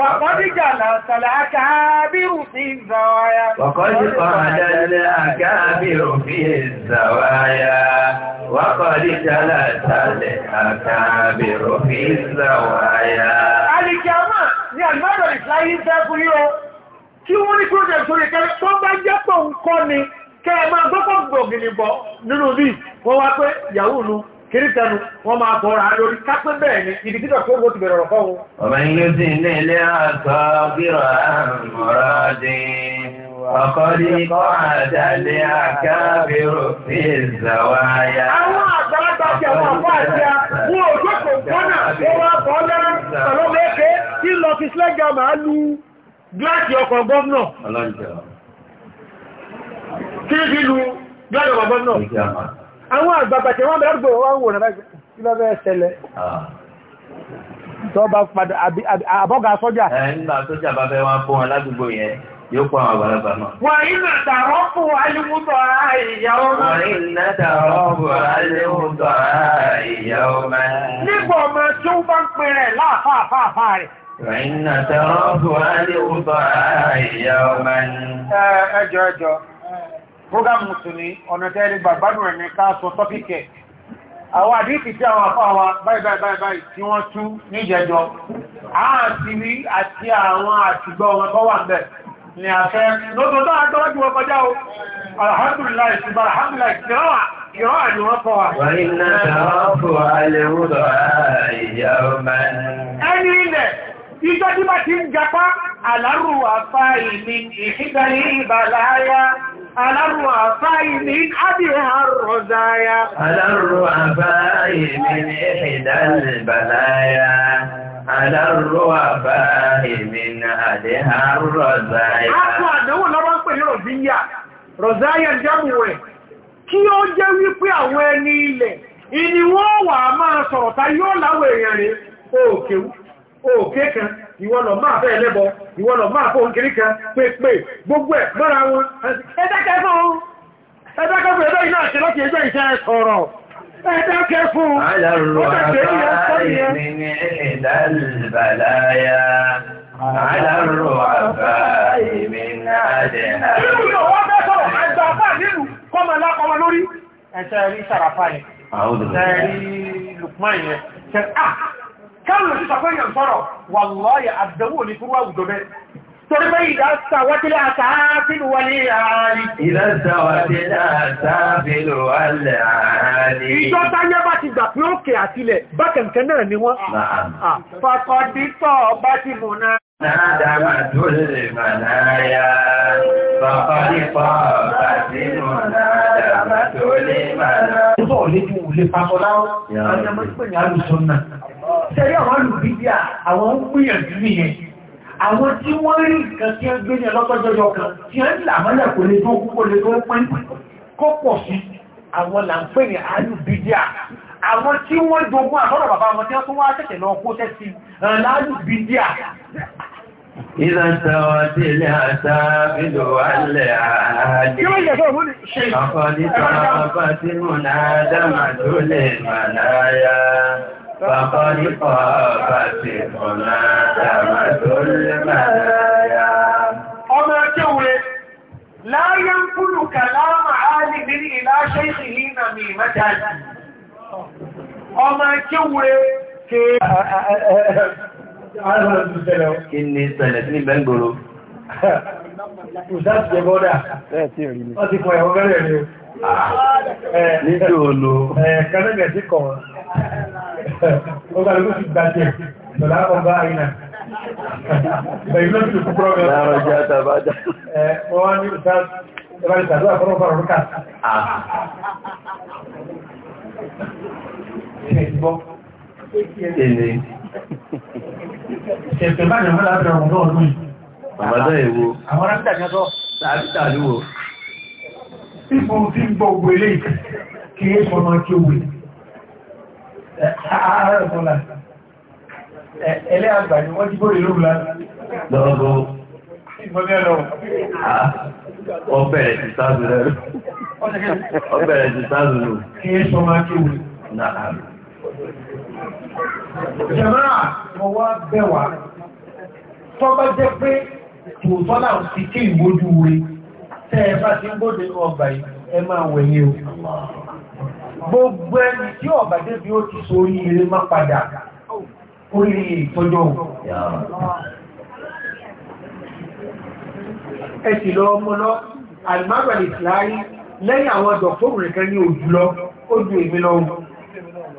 Wàkọ́ ní jàlá sàlẹ̀ àkàábírù sí ìzàwáyá. Wàkọ́ ní kọ àjálẹ̀ àkàábírù sí ìzàwáyá. Wàkọ́ ní jàlá sàlẹ̀ àkàábírù sí ìzàwáyá. Àlìkẹ́ kí wọ́n ní project tó lè kẹ́rẹ́ tó bá jẹ́ pọ̀ ń kọ́ ni kẹ́ ẹ máa gbọ́pọ̀ gbògìnìbọ̀ nínú bí wọ́n wá pé yahoo nu kìrìtẹ́nu wọ́n máa bọ̀ ra lórí kápẹ́ bẹ́ẹ̀ ni ibi títọ̀ tó gbó ti bẹ̀rẹ̀ ọ̀rọ̀ fọ́wọ́. ọ̀bẹ̀ yóò ní ilé àtọ́ bírọ̀ àmọ́ra dín ọ̀kọ́dí kọ́ àdálẹ́ àkábírò sí ìzàwáyà. àwọn àgbàlagbà ti àwọn àpá àti a wọn ò jókòó gbọ́nà wọ́n wá bọ́ lẹ́rù pẹ̀lú mẹ́kẹ́ tí lọ fi sílẹ̀ gíláàsì ọkọ̀ gọ́ọ̀nà kí ní lu gíláàsì ọkọ̀ gọ́ọ̀nà àwọn àgbàgbàtẹ̀ wọ́n bẹ̀rẹ̀ gbogbo wọ́n wò náà kí lọ alìmútọ̀ ìyàwó mẹ́ wà nínú tààrọ́ alìmútọ̀ ìyàwó mẹ́ nígbà ọmọ tí ó bá فإن تراه الخطأ يوما ẹjọ́ ẹjọ́ prógámù tuni ọ̀nà tẹ́rí gbàgbádùn ẹ̀mí ká sọ tọ́pìkẹ̀ àwọn àdíkì tí àwọn àfá wa báyìí báyìí báyìí tí wọ́n tú ní ìjẹjọ́ àti rí àti àwọn àtìgbọ́ wọn ìjọ tí bá ti ń japa alárù àfáì ní ìṣígbàrí ìbàláyá alárù àfáì ní ábìrì àrọ̀záyá alárù àfáì ní ìṣígbàrí ìbàláyá alárù àfáì ní àrọ̀záyá a jẹ́ wípé àwọn ẹni ilẹ̀ ìníwọ́ wà máa sọ̀rọ̀ yóò láwọ̀ òkèwú òkè kan ìwọ̀nà máa fẹ́ ẹlẹ́bọ ìwọ̀nà máa fóun kiri kan pépè gbogbo ẹ̀ mọ́ra wọn ẹ̀dákẹ́ fún ẹ̀dákẹ́ fún ẹ̀dọ́ iná àti lọ́kì ẹjọ́ ìṣẹ́ sọ̀rọ̀ ẹ̀dákẹ́ fún ọ̀tẹ̀ẹ̀dẹ̀ ìṣẹ́ sọ̀rọ̀ káàlù sí sọ pé èèyàn sọ̀rọ̀ wà lọ́ọ̀yà àdánwò ní fúrú àwùjọ bẹ́ẹ̀ torí pé ìdá sàwọ́tílẹ̀ àtàáfínú wà ní ààrí ìdá sàwọ́tílẹ̀ àtàáfínú wà ní ààrí ìjọ táyé bá ti gbà pé òkè àtilẹ̀ bákẹ̀kẹ́ náà ni wọ́n fàkọ̀dítọ̀ bá ti mú náà Nádàmà tó lè mànáyà, fàkọ̀dítọ̀ náà tó lè máa náà. Ó sọ̀rọ̀ léjú ilé pàtó láwọ́, àwọn ọmọ ìpínlẹ̀ alùsùn náà. Ṣẹ́rí àwọn alùbíbíà, àwọn ń gbìyànjú nìyẹn. Àwọn tí wọ́n rí nǹkan tí wọ́n gbé ní ọlọ́tọ́jọ́jọ́ kan, tí wọ́n ń là mọ́lẹ̀ kò lè tó kó lè tó pín kó pọ̀ sí àwọn là ń pè ní Àwọn tí wọ́n jogún àtọ́nà bàbá wọn tí wọ́n tún wá tẹ̀tẹ̀ lọ kó tẹ́sí, إذا استوت الأسافل والعادي فقد طابت المنادمة للمنايا فقد طابت المنادمة للمنايا وما جوه لا ينقل كلام عالم إلى شيخه نميمة وما جوه kí ni ṣẹlẹ̀ sí ìbẹ́ ìgboro Nígbè olò. Kẹ́lẹ́gẹ̀ sí kọ̀ wọ́n. Ó gbà lókù ti gbàjẹ̀, lọ́lá ọba àìyàn. Bẹ̀yìn lọ́pù ti kúkúrọ́ mẹ́rin. Láàrọ̀ jẹ́ àtàbádà. Wọ́n wá ní ìsáàtì, ẹbá ìsàdó àfọ́rọ̀fà Ẹ̀fẹ̀ bá jẹ̀ mọ́lá àbẹ̀rẹ̀ ọmọdé ọdún yìí. Àbádọ́ èwo. Àwọn arábìtà ni ọjọ́. Àbítà ló wò. Ipò tí ń gbọ́ ògbò ilé kì í fọmọ kí ó wè. Ààrẹ ìfọlá. Ẹlẹ́ àgbà ni wọ́n ti bóre lóru lánàá. Lọ́gọ́. Ìgbọ́n bẹ́ẹ̀ lọ. Wọ́n bẹ̀rẹ̀ sí sáàzù rẹ̀. Wọ́n bẹ̀rẹ̀ sí sáàzù rẹ̀. Kì í fọmọ kí ó wè. Nàá jẹ̀mọ́ra wọ́n wá bẹ̀wà tọ́bá jẹ́ pé tòótọ́ náà ti kí ìwójú rẹ̀ tẹ́ ẹ bá ti ń gbóde ọgbà ẹ máa wẹ̀yẹ o gbogbo ẹni tí ọ̀bà débi ó ti so ire má padà orí ìtọ́jọ́ ẹ sì lọ ọmọ lọ àlùmágbàlè tìlárí lẹ́yìn àwọn dọ̀któòrù nìkan ní òjù lọ ó ju èmi lọ́wọ́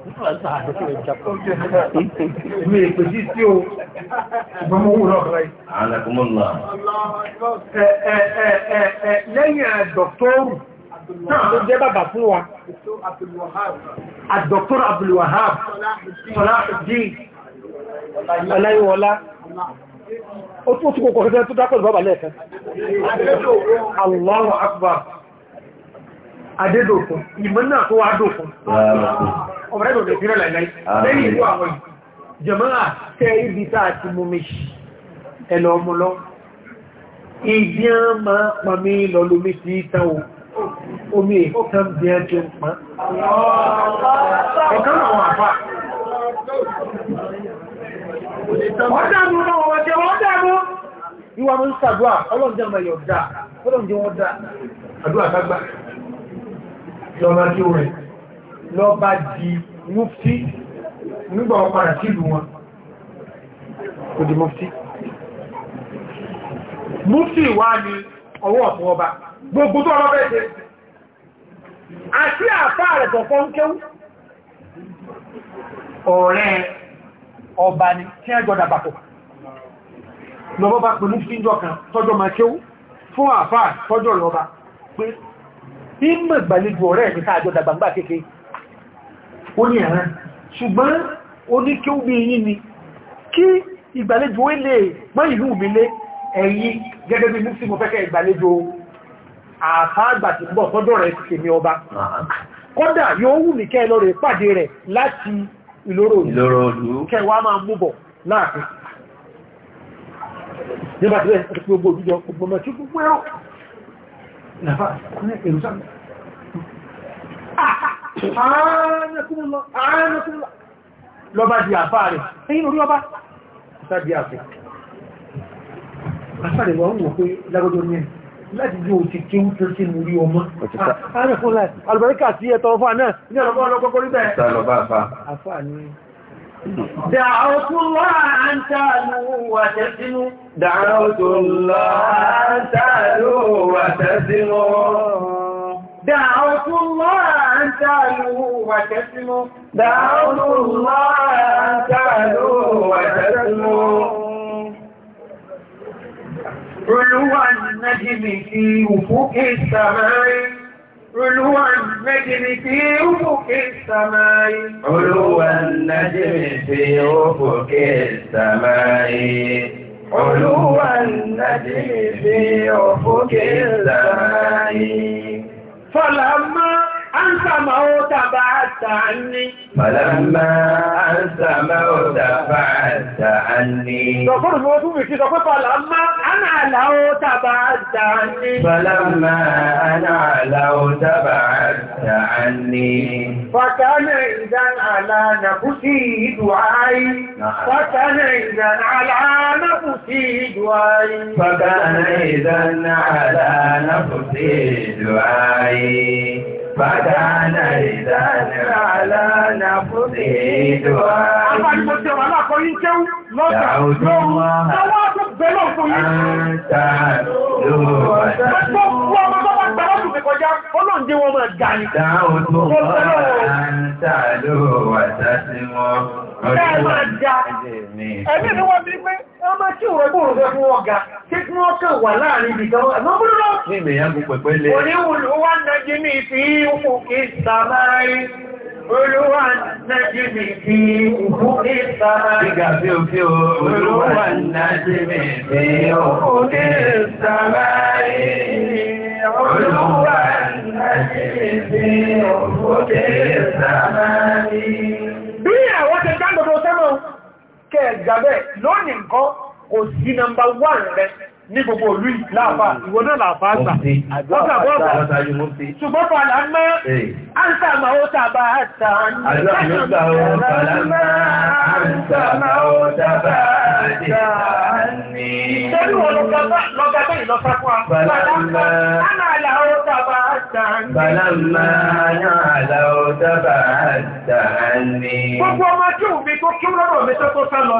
Mi èpè sí sí o, ṣùgbọ́n mo wúrọ̀ rẹ̀. Alákùnmọ́lá. Lẹ́yìn àdọ̀tọ́rù náà ló jẹ́ bàbá fún wa. Àdọ̀tọ́rù Abdulwahab, Salahuddin, Aláyíwọlá. Ó tún ó tún kòkòrò tó dákọ̀ ìbábà lẹ́ẹ̀kan. Allahu Akbar adédòfin ìmọ́nà tó wá dòfin ọmọdébò lè fíra láìláì lẹ́yìn ìlú àwọn jẹmọ́ra tẹ ibi táà ti mú mi ẹ̀lọ ọmọ lọ ìdíyàn máa pàmí lọ lómi sí ìtàn o omi èkókan bí ẹ jẹun pa ọ̀kan àwọn àfà ọ̀dàmú náà wọ́n jẹ́ wọ́n dàmú ìwà mọ́ ń sàdúà ọlọ́run jẹ́ ọmọ yọ̀dá ọlọ́run jẹ́ wọ́n dá àdúà tágbà lọ́mọ tí ó rẹ̀ lọ bá di mufti nígbà ọpàdà sí ìlú wọn kò di mufti mufti wá ní ọwọ́ ọ̀fún ọba gbogbo tó ọlọ́bẹ̀ ṣe àti àfáà rẹ̀ tọ̀fọ́ ń kéwú ọ̀rẹ́ ọba ni tí ẹjọ́ dàbàpọ̀ lọ́bọ́ bá pẹ̀lú fíjọ kan tọ́jọ́ ma kéwú fún àfáà tọ́jọ́ lọ́ba pé ìmọ̀ ìgbàlejò ọ̀rẹ́ ẹ̀mí káàjọ dàgbàgbà kéèké ó ní ẹ̀rán ṣùgbọ́n ó ní kí ó bí yín ni kí ìgbàlejò ó lè mọ́ ìlú mi lé ẹ̀yìn gẹ́gẹ́ bí mú fẹ́kẹ́ ìgbàlejò àfáàgbà ti bọ̀ sọ́dọ̀ rẹ̀ tèmi ọba kódà yóò wù mí kẹ́ lọ rẹ̀ pàdé rẹ̀ láti ìloro ìlú kẹwàá máa mú bọ̀ láàfin nígbàtí rẹ̀ lọ́bá di àfá rẹ̀ ẹ̀yìn orí ọba ìsáàdì àfẹ́ àfá rẹ̀ wọ́n wọ́n pé lágbọ́jọ́ ní ẹ̀ láti jí òtí kí ó tún sí mú rí ọmọ ààrẹ fún láì alùbẹ̀ríkà sí ẹ̀tọ́ fún àná ní ọ̀rọ̀gbọ́n ọlọ́gbọ́gbọ́ rí bẹ́ẹ̀ دعوت الله أن تعلوا وتزنوا دعوت الله أن تعلوا وتزنوا دعوت الله أن تعلوا وتزنوا دعوت الله أن تعلوا وتزنوا علوا النجم في أفق السماء علوا النجم في أفق السماء علوا النجم في أفق السماء علوا النجم في أفق السماء فلما أنت موت بعدت عني فلما أنت موت بعدت عني تقول موتومي كده فلما أنا علوت بعدت عني فلما أنا علوت بعدت عني نعم. فكان إذا على نفسي دعائي فكان إذا على نفسي دعائي فكان إذا على نفسي دعائي فكان إذا على نفسه دعاء دعوت الله أن تعلو ọlọ́run jẹ́ wọn máa ga ní. Dáhùn tó bọ́ láńtà ló wà sásí wọn. Ẹ máa ga. Ẹgbẹ́ mi wọ́n bí pé wọ́n máa kí òun ẹgbẹ́ òun fẹ́ fún wọn ga. Ṣé kí wọ́n kàn wà láàrin ibì kan? Àmọ́ búrú lọ. Ní ìgbìyànjú pẹ̀pẹ́ lé. Òní wùlù wá النجم في أفق السماء علوا النجم في أفق السماء علوا النجم في أفق السماء علوا النجم في أفق السماء bí àwọn ti dá gbogbo sẹ́mọ̀ kẹgbàbẹ̀ lónìí nǹkan kò sí nọmbà 1 rẹ̀ ní gbogbo olú ìlàpá ìwọ̀nà làbá àgbà ọgbàgbọ́gbà ṣùgbọ́n pàdà mọ́ àǹtà máa ó tàbà àtà àjọ́gbà ó pàdà mọ́ àǹtà máa ó tàbà àtà ní ṣẹ́lú ọlọ́gbàtẹ́ ìlọ́sákọ́ Bàlámà àlà ó tàbà àtà ní. ọmọ tí òun mi tó kí lọ́rọ̀ mi tó tó sá lọ.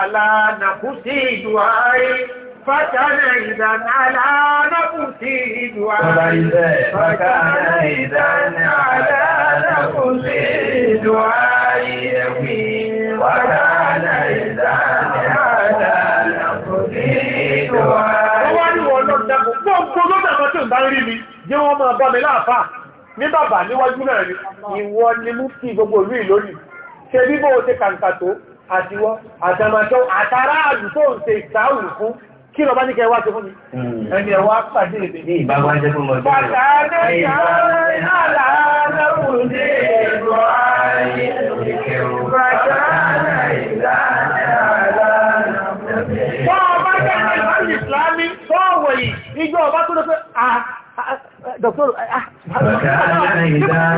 على نفسي دعائي فكان إذا على نفسي دعائي فكان إذا على نفسي دعائي وكان إذا على نفسي دعائي wọ́n ní wọ́n lọ́dọ̀ gbogbo lọ́dọ̀ àwọn tí ò bá rí mi jẹ́ wọ́n máa bá mi láàfáà ní bàbá níwájú náà ni ìwọ ni mú sí gbogbo ìlú ìlónìí ṣe bí àtiwọ́ àtàmàtọ́ àtàrà àdùtò ń ṣe ìsáhùn fún kí lọ bá ní kẹwàá tó fún mi ẹni ẹwà pàdé ìbí ní ìbáwá fún mọ́jọ́ Ìjọ ọba tó lọ́pẹ́ Dr. Ah,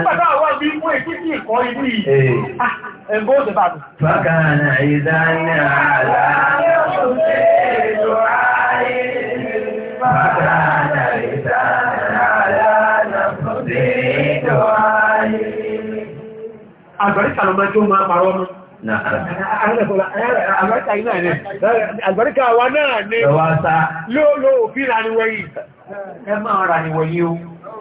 bàtà àwọn ibi mú èkú sí ìkọ́ ibi ẹ̀bọ́ òṣè bàbù. Bákanà ìdáni àlá Bákanà ìdáni àlá Àgbàríkà lọ máa jó máa parọ́ mú. Àgbàríkà iná ẹ̀ Àgbàríkà wa náà ní lóòlò òfin raniwẹ̀yí. Ẹ máa raniwẹ̀yí o.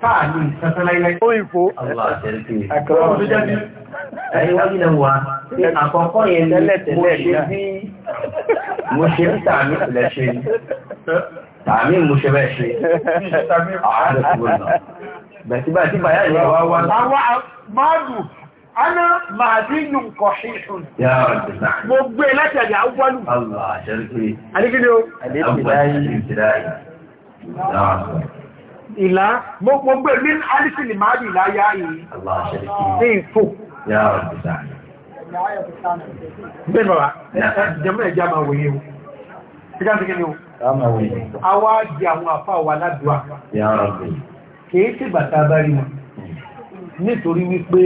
káàní kankan láíláí. ó ìfò. ẹ̀yin wọ́n nílẹ̀ wa ní àkọ́kọ́ yẹn ni mo ṣe bí mo ṣe bí náà bẹ̀tí tí bàyá ìwà wá wá. àwọn máàlù aná màdínù kọ̀ṣíṣùn. mo gbé látàrí àwọ́lù. àdékìlẹ̀ o. àdékìlẹ̀ o ìlà gbogbo gbé ní alìsìlì máa rí láyá yìí ní ìfò bẹ́ẹ̀ bàbá jẹmọ́ ẹ̀já máa wòye o ṣíká sí kíni o àwa jẹ àwọn àfá wa ládùá kìí sí bàtà bá rí wọn nítorí wípé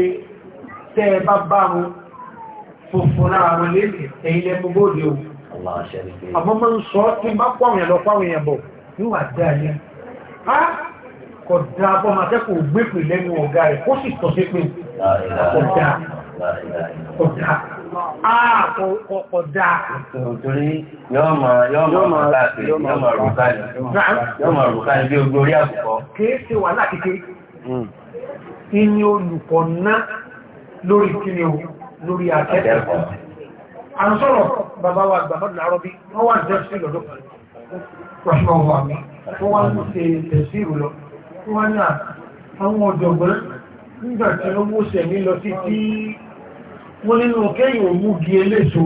tẹ́ ẹ bá bá wọn funfun náà wọn lé ẹ̀yìn lẹ́gbogbo àmọ́ mọ́ ń sọ tí bá pọ̀ àwọn níwà dáa ní kọ̀dá bọ́mà tẹ́kù gbépè lẹ́nu ọ̀gá rẹ̀ kó sì tọ́ sí pé kọ̀dá kọ̀dá kọ̀dá. Nítorí yọ́ láti yọ́ máa rúkà ní bí ogun orí àkùkọ. Kìí ṣe wà lákìíké. Hmm. Ìní olùkọ́ ná lórí kíni o lórí akẹ́kọ̀ọ́. À bàbá wa gbàgbọ́ làárọ̀ bí wọ́n wà jẹ́ sí lọ́dọ̀ wọ́n náà àwọn ọ̀jọ̀gbọ́n nígbàtí ó mú sẹ̀mí lọ sí tí wọ́n nínú kẹ́yìn òmú gi eléso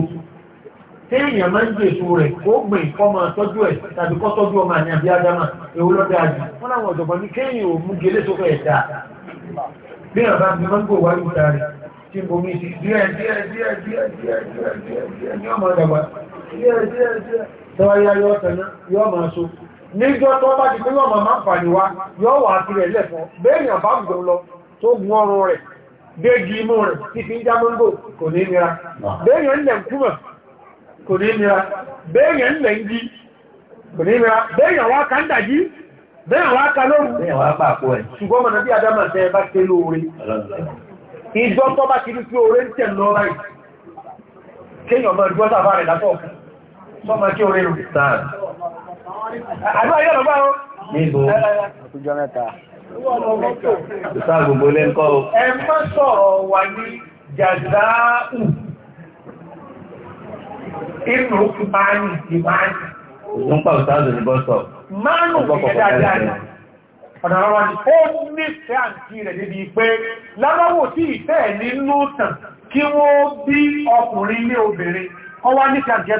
téèyàn máa ń gbèsò rẹ̀ kó gbìn kọ́ máa tọ́jú ẹ̀ tàbí kọ́ tọ́jú ọmọ àní àbí ádámà èwo ló dáa jù wọ́n láwọn ọ̀jọ̀gbọ́n ní kẹ́yìn òmú gi eléso fẹ́ ẹ̀dá bí àbá mi máa ń gbò wáyé ìta rẹ̀ tí mo mi sì díẹ̀ díẹ̀ díẹ̀ díẹ̀ díẹ̀ díẹ̀ díẹ̀ ní ọmọ ọ̀dọ̀gbà díẹ̀ díẹ̀ díẹ̀ tọ́wáyá yọ níjọ́ tó bá ti pínlọ̀ màmá fàní wa yọ́ wà á tirẹ̀ lẹ́fọ́ bẹ́ẹ̀ni àbá ń jọ lọ tó gun ọrùn rẹ̀ dégi imú rẹ̀ tí fi ń já mọ́ngò kò ní nira bẹ́ẹ̀ni ẹ̀ńlẹ̀ ń kúmọ̀ kò mọ̀ ìgbọ́sàfà rẹ̀ látọ̀ sọ́mọ kí oore rù sáà àdúrà yóò lọ́gbà ó. níbo àtúnjọ mẹ́ta ìsá gbogbo lẹ́ ń kọ́ o. ẹ má sọ̀rọ̀ wà ní jàdáù inú ìmáàní ìmáàní. òun pa òsáàzù ní bọ́sọ̀. mánù ìṣẹ́ dáadáa ni ọ̀nà ọ̀rọ̀ ni ó nífẹ̀ẹ́ àǹtí rẹ̀ débi pé lábáwò tí ìfẹ́ nínú tàn kí wọ́n bí ọkùnrin ní obìnrin ọwá nífẹ̀ẹ́ àǹtí ẹ̀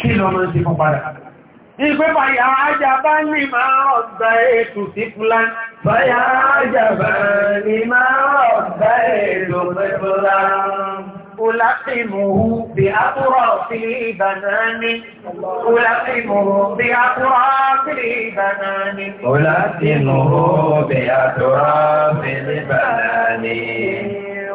kí lọ mọ́ sí fún padà ìgbé fàyà ajàbá ní máa ọ̀gbà ètò sí fúlán fàyà ajàbá ní máa ọ̀gbà ètò fúlán ألقمه بأطراف بناني ألقمه بأطراف بناني ألقمه بأطراف بناني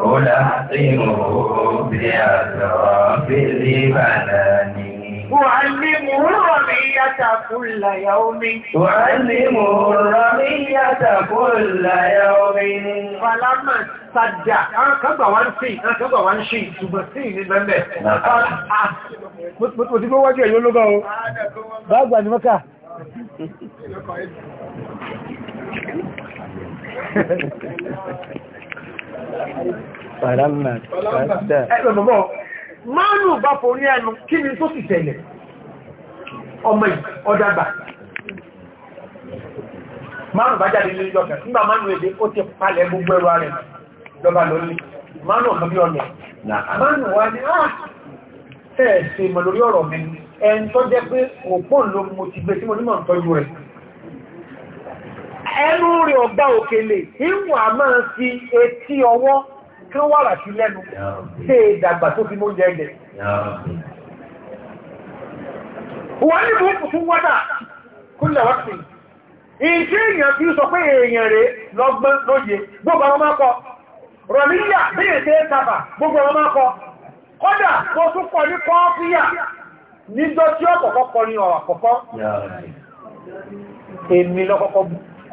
ألقمه بأطراف بناني أعلمه الرمية كل يوم أعلمه الرمية كل يوم فلما صدع كبا وانسي كبا وانسي سبسي لبنبه mo ti gbọ́ wájú ẹ̀yọ́ ló bá o bá gbà ní mọ́ká Fàrámà, fàrámà. Ẹgbẹ̀mọ̀ bọ́, márùn bá forí ẹnu kí ni tó sì tẹ̀lẹ̀ ọmọ ọ̀dàgbà márùn bá jáde lórí lọ́kẹ̀ nígbà márùn èdè ó ti palẹ̀ gbogbo ẹrọ rẹ̀ lọ́ba lórí márùn ọ̀kan bí ọ̀nà márùn wá ní ah! ẹ̀ẹ̀ṣe mọ̀ lórí ọ̀rọ̀ mi ẹn tó jẹ́ pé òpó ló mo ti gbé tí mo nímọ̀ tọ́jú rẹ̀ ẹnu rẹ̀ ọgbà òkèlè ìwà máa kán wàrà sí lẹ́nu ṣe ìdàgbà tó fi mú jẹ ẹ̀jẹ̀. wọ́n ní bó fún wọ́dà kúlẹ̀ wọ́pì ìṣe èèyàn fi sọ pé èèyàn rẹ̀ lọ́gbọ́n lóye gbogbo àwọn máa kọ rọ̀míyà bí èdè tàbà gbogbo àwọn máa kọ kódà tó tún kọ ní kọ́ọ́fíyà níjọ́ tí ọ̀kọ̀kọ́ kọ ní ọ̀rọ̀ àkọ́kọ́ èmi lọ́kọ́kọ́ bù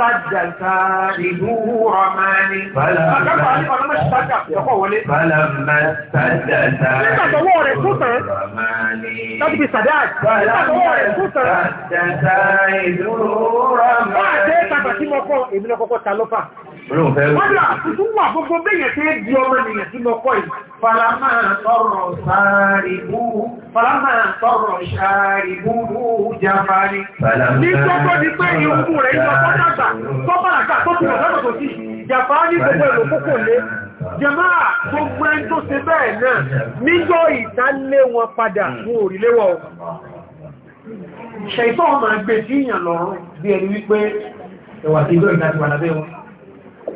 tájà ta ìlú ọmọani. Àgbàgbà nípa ló mẹ́ta tájà lọ́kọ̀ wọlé. Bàlá máa tájà ọmọani. Láti fi sàdáàjì. Bàlá máa tájà ta ìlú ọmọani. Báà dé tàbàtí mọ́kọ́ èmi lọ́kọ́kọ́ ta lọ́fà. Kọ́dà tuntun wà gbogbo bẹ́yẹ̀ tí ó di ọmọ ènìyàn tí lọ kọ́ yìí. Fàlámà tọrọ sáàrìbú, fàlámà tọrọ sáàrìbú jàfàrí. Ní tọ́tọ́ ní pé ìhùn rẹ̀ ìjọ tọ́tàgbà, tọ́bàràgbà tó ti rọ̀ lọ́dọ̀ tó sí, jàfàrí gbogbo èlò kókò lé. Jàmáà gbogbo ẹni tó ṣe bẹ́ẹ̀ náà, níjọ́ ìtálé wọn padà fún hmm. òrìléwọ̀. Ṣèyí tó wọn máa gbé sí ìyàn lọ́rùn bí ẹni wípé ẹwà tí ìjọ ìdájúwà lábẹ́ wọn.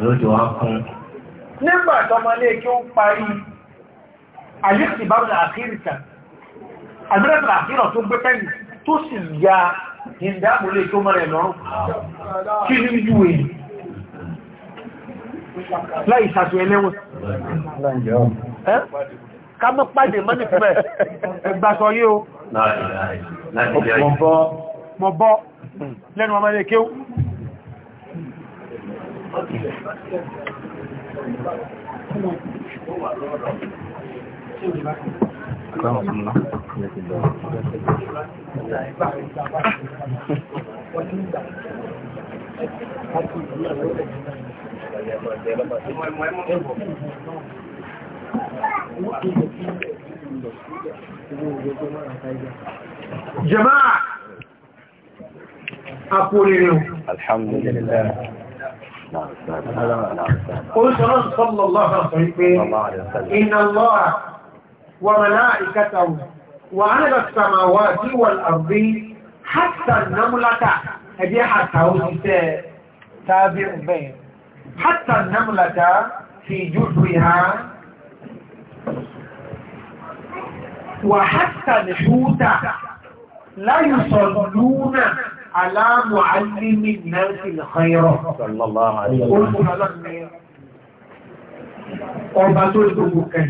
lójú wá kún. nígbà tọmọlé kí ó parí àyíkì bá rẹ̀ àkíríkà àbúrẹ́bà àkíràn tó gbé pẹ́lú tó sì ya ìdáàmúlé tó mọ́rẹ̀ lọ́rùn kí ní ju èyí láì sàtò ẹlẹ́wọ̀n ká mọ́ pàdé mọ́ nìfẹ́ ẹgbàsọ yóò mọ̀bọ́ lẹ́nu kéwú جماعة أقول الحمد لله قلت رسول صلى الله عليه وسلم إن الله وملائكته وعلى السماوات والأرض حتى النملة هذه حتى تابع بين حتى النملة في جذرها وحتى الحوت لا يصلون aláàmù alìmì náàfin ọ̀yọ́ ọba tó gbogbo kẹ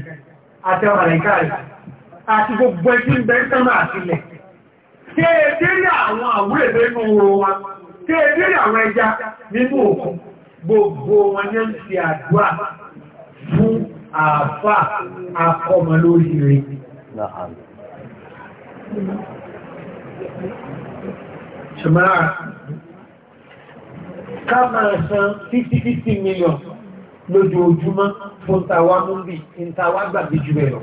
àti ọmọlẹ̀ká rẹ̀ àti gbogbo ẹjí ń bẹ́ẹ̀ náà sílẹ̀ tí è dérí àwọn àwúrẹ̀ lẹ́nu oòrùn wa tí è dérí àwọn ẹja nínú òkun gbogbo wọn ní ń fi àdúrà fún àfà akọmọ lórí rẹ̀ ṣùgbọ́n ká máa san 50-50 million lójoojúmọ́ fún tàwa múbì ìntàwà gbàgbé jù bẹ̀rọ.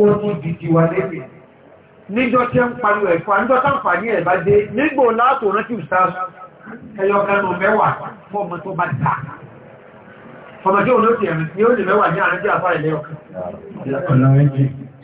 ó ní dìdì wà lẹ́bẹ̀ níjọ́ tí ń parí ẹ̀fà níjọ́ tánfàní ẹ̀ bá dé nígbò látò rántí ìsáàsù ẹyọkanù mẹ́wàá tó bá dà ọmọdé òun ẹ̀rìn ni ó lè mẹ́wàá ní àrẹ́jẹ́ àfáà ilẹ̀ ọ̀kan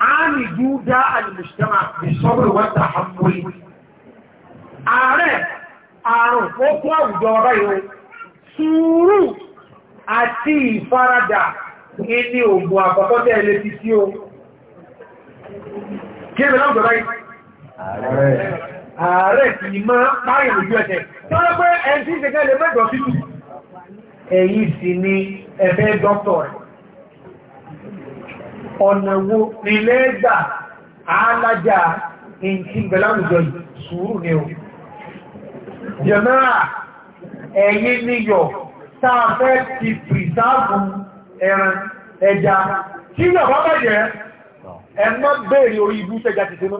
عالجوا داء المجتمع بالصبر والتحمل ààrẹ àrùn ó kó àwùjọ ọ̀rọ̀ ìwọ̀n sùúrù àti ìfaradà ní ògùn àkọ́kọ́ tẹ́ ilé ti sí o kí ẹ̀rẹ̀ náà gbọ́nà ààrẹ kì í máa páyẹ̀ lójú tí tí ìṣẹ́gẹ́ lè mẹ́jọ sí ọ̀nà wo nílé gbà ìgbẹ̀láwùjọ sùúrù ni o jẹ̀mẹ́rà ẹ̀yìn níyọ̀ sáàfẹ́ ti pìsáàbù ẹran ẹja tí yọ̀ bá bẹ̀jẹ̀ ẹ má bèèrè orí ibú tẹ́jà ti sinú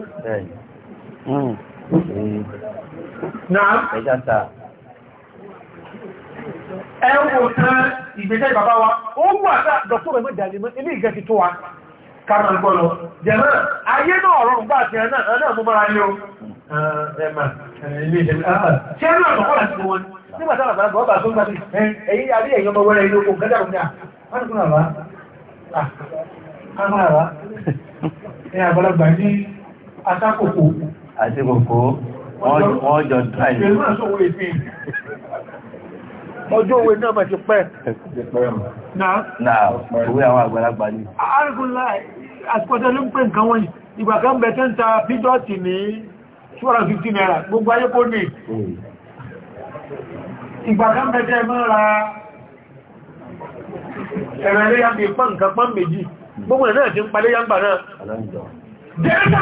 Ẹwọ̀n tán ìgbésẹ̀ bàbá wa, ó wà sáà dọ̀tọ́ rẹ̀ mọ́ ìdàlẹ̀ mọ́ ilé ìgẹ́ ti tó wa. kàmà gbọ́lọ jẹ̀mọ́ ayé náà rọrùn gbà tí ẹ̀nà ẹ̀nà mú mara ilé o tó ń ẹ̀yìn ti ní náà náà òwe àwọn àgbàlagbà àsìkọ́tẹ́ ló ń pè nǹkan wọ́n ìgbà kan bẹ̀ tẹ́ ń ta pídọ́tì ní 250 naira gbogbo ayé kó ní ìgbà kan bẹ̀ tẹ́ mọ́ ra ẹ̀rẹ̀rẹ̀ yàmì pọ́n nǹkan pọ́n méjì gbogbo ẹ̀ náà ti ń palé yàmgbà náà dẹ́rẹ́sà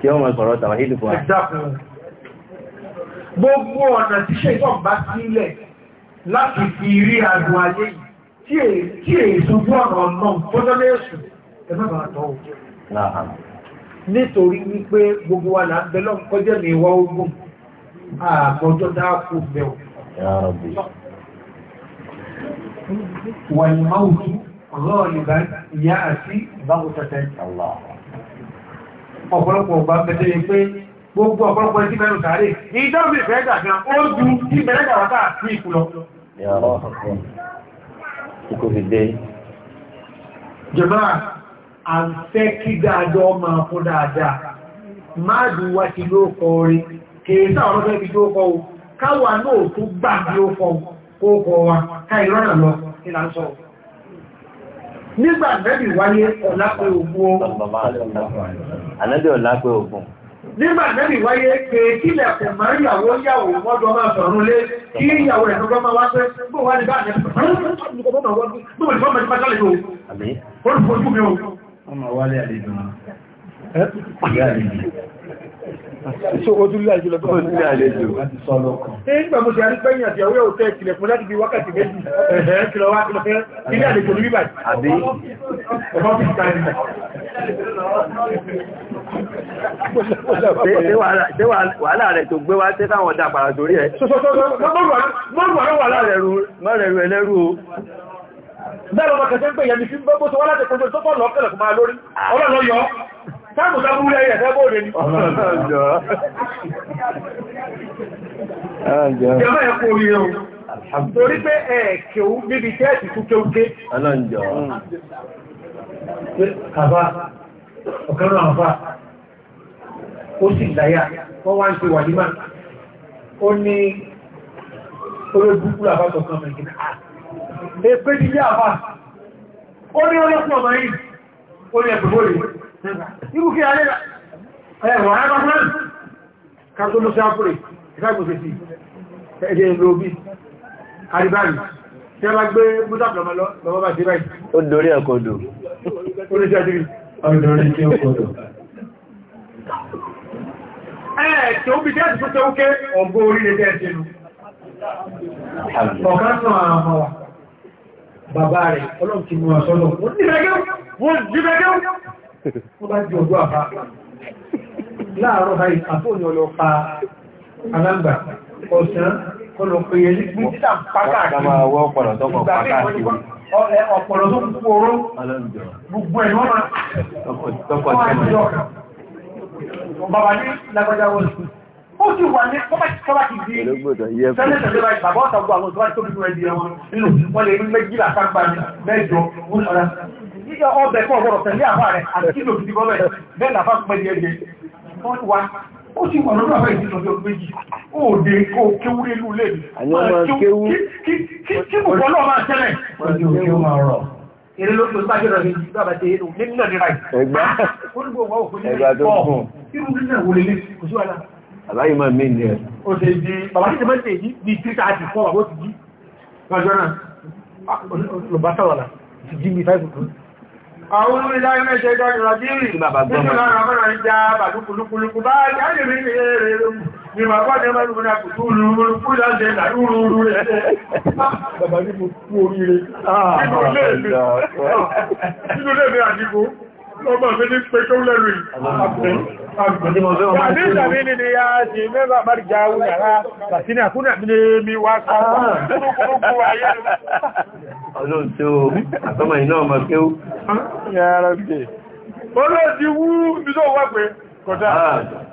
tí wọ́n mọ̀ sọ̀rọ̀ tàwàhídù fún wa. gbogbo ọ̀nà tí ṣètọ́n bá sílẹ̀ láti fi rí àdùn ayé yìí tí èṣùgbú ọ̀nà ọ̀nà fọ́jọ́ lẹ́sùn ẹgbẹ́ bàbá tọ́ nítorí wípé gbogbo wa là ń bẹ lọ́n kọjẹ́ mi wá ogun àgbọ̀jọ́ dáàkú bẹ̀rù. wàlúmáwùtú ọlọ́ọ̀lùbá ìyá àti ìbáwòtẹ́tẹ́. ọ̀pọ̀lọpọ̀ ọ̀gbà bẹ̀tẹ̀ yẹ gbogbo ọ̀pọ̀lọpọ̀ ẹjí mẹ́rin tààrí ní ìfẹ́ ó ju jọba ń fẹ́ kí dáadọ́ máa fún dáadáa dùn wá sí ló kọ orin ọlọ́fẹ́ tó kọ o káwa náà gbà bí ó nígbà nẹ́bì wáyé ọ̀lápẹ́ ogun ọ̀hún. Nígbà nẹ́bì wáyé pé kílẹ̀ kò máa ń yàwó yàwó mọ́jọ máa sọ̀rún lé kí ìyàwó ẹ̀nùgbọ́n máa wá pé bó wá ní bá nẹ́bì wọ́n Ìṣó ojúlé àjùlọ tó ní àlejò. Ṣé nígbà mo ṣe àrípẹ́yìn àti àwẹ́ òtẹ́ ìkìlẹ̀ fún láti bí wákàtí méjì kìlọ̀ wá kìlọ̀ fẹ́ ilé àlejò ní bíbà. Àbí ọmọ fi ta ẹ̀mọ̀. Ṣé wàhálà rẹ̀ tó gbé wá tẹ́ táwọn ọ̀dà àpàrà sórí ẹ̀? Sọ́sọ́sọ́ Bẹ́rọ̀ ọmọ kẹsẹ́ ń pè yẹmi sí gbogbo tó wá láti kọjọ tó pọ̀ lọ́kẹ̀lẹ̀ kò máa lórí, ọlọ́lọ́ yọ táàmù sábúrẹ́ rẹ̀ fẹ́ bóòdé ní ìjọba ẹ̀kọ́ orí ẹ̀hùn torí pé ẹ̀ẹ̀kẹ̀ú níbi tẹ́ẹ̀tì tó kéúké aláǹjọ́ kàbá ọ̀kanú àfá ó sì láyà wọ́n wá ń ṣe wà nímá ó ní olóògbúkú àbátọ̀ kan mẹ́rin ẹgbẹ́ nílé ah! àfá ó ní olóògbú ọmọ yìí ó ní ẹgbẹ̀gbọ́ irú kí alẹ́ ẹ̀rọ arábáfẹ́ kàtó ló sáàpùrẹ̀ ìfẹ́gbòsẹ̀ sí ẹ̀jẹ̀ ìlú obi àríbáyì tí a bá gbé mútàpùlọmọ lọ́wọ́ bá sí báyìí ó dorí ẹ̀kọ́dò Ẹ̀ẹ̀kì ó bí jẹ́ ti fúnṣẹ́ ókè ọgbọ́ orílẹ̀ jẹ́ ẹ̀ṣẹ́nu. Ọ̀kan náà àmọ́ wà, bàbá rẹ̀, ọlọ́pù ti mú ọ̀ṣọ́lọ̀. Wọ́n ti bẹ̀gẹ́ tó bá jẹ́ ọjọ́ àbá láàárọ̀ báyìí àfóònù lọ pa alágbà ọ̀sán kọlọ̀ pé yẹ ní títà pátákì ọ̀pọ̀lọ̀ tó kọ̀ pátákì ọ̀pọ̀lọ̀ tó kú oró gbogbo ẹ̀ wọ́n máa tọkọ̀ tẹ́lẹ̀ bàbá ní lágbàjáwọ́ ó sì wà ní kọ́bá ti di sẹ́lẹ̀tẹ̀lẹ̀ báyìí bàbá ọ̀tà gbọ́ àwọn ìtọ́wà tó bí wọ́n di ẹwọn nínú wọ́n lè rí méjìlá kágbà mẹ́jọ ọbẹ̀ fún ọgbọ̀rọ̀ tẹ̀lé àbá rẹ̀ àti kílò gidi bọ́bẹ̀ bẹ́ẹ̀ làbá pẹ́ di ẹgbẹ́ ó sì wà lọ́dọ̀ àbẹ́ ìdíjọ́ ọjọ́ méjì ó dé kó kéwúré lú lè kí kò fọ́ lọ́ọ̀ máa tẹ́lẹ̀ èrè ló àbáyé máa mí ní ẹ̀. ó ṣe di bàbá tí tẹ́mọ́tẹ̀ yìí bí títà àti fọ́ bàbá ti jí lọ́jọ́ náà lọ́bá sàwàlà ti jí mi fáìfù kan. àwọn olùdarí mẹ́ṣẹ́ ìdájọ́ rajiri nínú lára mọ́ra ń já bàbá kùlùkùlùkù bá jáde rí rẹ̀ ní bàbá ní ọmọ ìlú náà kùtù lùrùkù láti làrúurú rẹ̀. bàbá ní mo kú oríire. nínú lè mi ah, àdìgbò ọmọ mi ní pé tó lẹ́rù yìí. Olóòtí ah. wú ibi tó wá pé kọjá.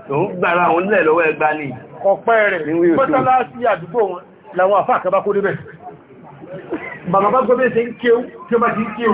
Tó ah, ń gbàra òun lẹ̀ lọ́wọ́ ẹgbà ní. Ọ̀pẹ́ rẹ̀, pẹ́tọ́lá sí àdúgbò wọn làwọn àfáà kan bá kó débẹ̀. Bàbá bá gbọ́bẹ̀ ṣe ń kéw tí ó bá ti ń kéw.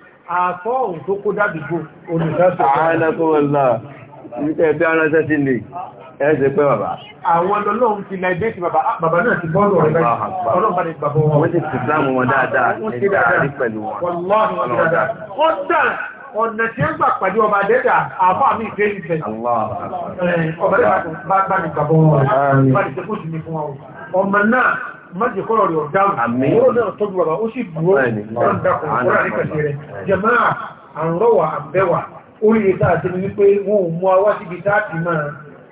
àtọ́ òun tó kó dádìgbò olùdásọ̀. àánàkúnmọ̀lá níta ẹ̀fẹ́ aránṣẹ́ sí lè ẹ̀ẹ́sẹ̀ pẹ́ bàbá. àwọn ọlọ́run ti láìbẹ́ sí bàbá ah, bàbá náà ti bọ́ọ̀lù ọ̀rẹ́ ọlọ́run bá ní bàbá wọn. wọ́n ti ti sáàmù wọn dáadáa ní dáadáa pẹ̀lú wọn. wọ́n dà ọ̀nà tí ó gbà pàdé ọba dẹ́dà àbá mi ìfẹ́ ìfẹ́. ọba dẹ́dà bá ní bàbá wọn. bá ní májè kọ́rọ̀ rẹ̀ ọ̀dáhùn owó náà tọ́jú bàbá ó sì dúró dákùn kọ́rọ̀ àríkàṣe rẹ̀ jẹmáà àrọ̀wà àbẹ́wà orí ìta àti ní wípé wọn ò mú awá síbi táàtì máa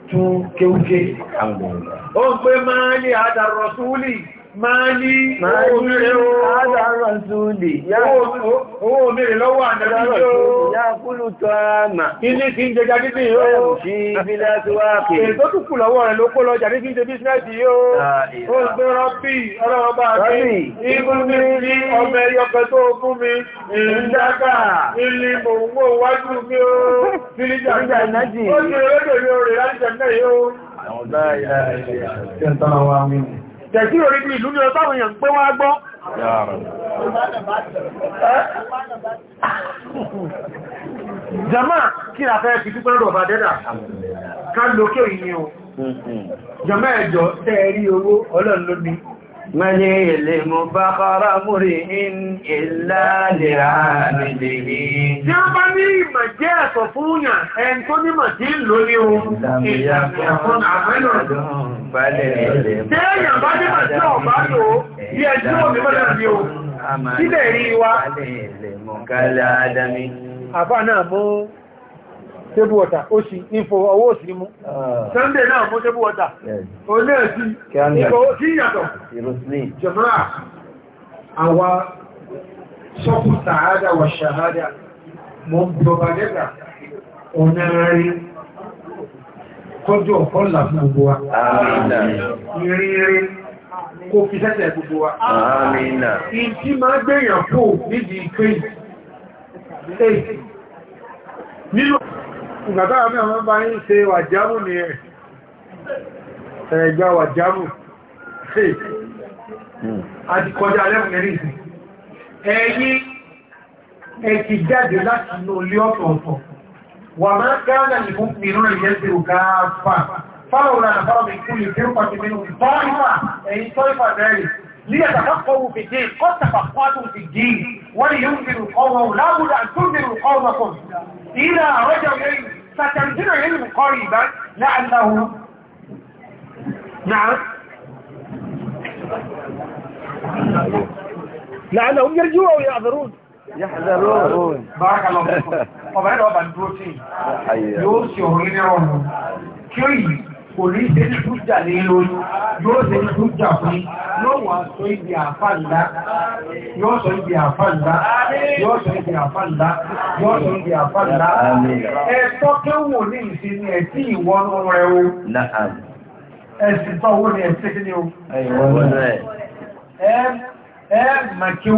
tún kéúké. ó ń pé máa ní àdàrọ̀ súúlì máa ní owó mẹ́rin lọ́wọ́ àdàbí yóò yá kúlù tọ́ àmà ilé tí ń jẹjà dídì yóò sí ìbílẹ̀ tí wá kè ètò túnkù lọ́wọ́ rẹ̀ ló kó lọ jàdí tí ń jẹ bísínẹ́sì yóò ó gbọ́rọ̀ bí ọlọ́ọ̀bá mi igun mi ní ọmọ ẹyọkẹ tó fún mi ìdáka ilé mòwò wájú mi ó fílíjà náà ó ti rẹ̀ lọ́dọ̀ yóò rẹ̀ láti jẹ̀ tẹ̀sí orí bí ìlú ní ọjọ́ èèyàn pé wọ́n á gbọ́ jama kí a fẹ́ fi pípẹ́ rọ̀bà dẹ́dà ká lókè ìyẹn o hmm, hmm. jama ẹjọ́ tẹ́ẹ̀rí owó ọlọ́run mẹ́lẹ̀lẹ̀ mọ̀ bá kọ́rọ̀ múrí in ìlà lèrà nílẹ̀ tí ó bá ní ìmọ̀ jẹ́ ẹ̀kọ̀ fúnyà ẹn tó nímọ̀ tí ń lò ní ohun ìyàfún àmẹ́lò tẹ́yàn bá nímọ̀ tí ọ̀bá lò bí ẹjọ́ òmìnir Àbá náà mú tébù wọ́ta ó sì ìfò ọwọ́ òsì mú ah. sunday náà mú tébù wọ́ta ó náà sí ìfò sí ìyàtọ̀ jọmọ́ra àwa sọ́kù sàádà wà sàádà mọ́ gbọba lẹ́gbà ọ̀nàrí kọjọ ọ̀kọ́lá fún gbogbo wa ìrìnrìn kò fi sẹ́sẹ̀ gbogbo wa ìtí máa gbẹ̀yàn fò nídìí kí Nínú ìgbàtàwà mẹ́wọ́n bá ń ṣe wàjámù hmm. ní ẹ̀gbà wàjámù àti kọjá lẹ́wọ̀n mẹ́rin ìsìn ẹ̀yí ẹ̀kì jáde láti inú olé ọ̀tọ̀ọ̀tọ̀ wà máa gáàdà ìfún mìíràn ìyẹ́sẹ̀ ògáàfà fáwọn ọ̀nà fáwọn ìkúlù ìfẹ́rùpàtì mẹ́rin ìfọ́ìfà ẹ̀yìn tọ́ìfà bẹ́ẹ̀rẹ̀ ليتفقهوا في الدين قد تفقهتم في الدين ولينذروا قومه إلى رجل فتنزل علم قريبا لأنه نعم لأنهم يرجوا أو يعذرون يحذرون بارك الله فيكم وبعد *laughs* هو بروتين يوسف يورينيرون كيف kò ní ṣe ní tújà ní lórí yóò ṣe ní tújà fún yóò wà sọ ibi àfàǹdá yóò sọ ibi àfàǹdá yóò sọ ibi àfàǹdá yóò sọ ibi àfàǹdá ẹ̀tọ́ kéwò ní ìṣe ni ẹ̀tí ìwọ́nú rẹ̀ o ẹ̀sìn tọ́wọ́ ni ẹ̀sìn ní o ẹ̀ màkíw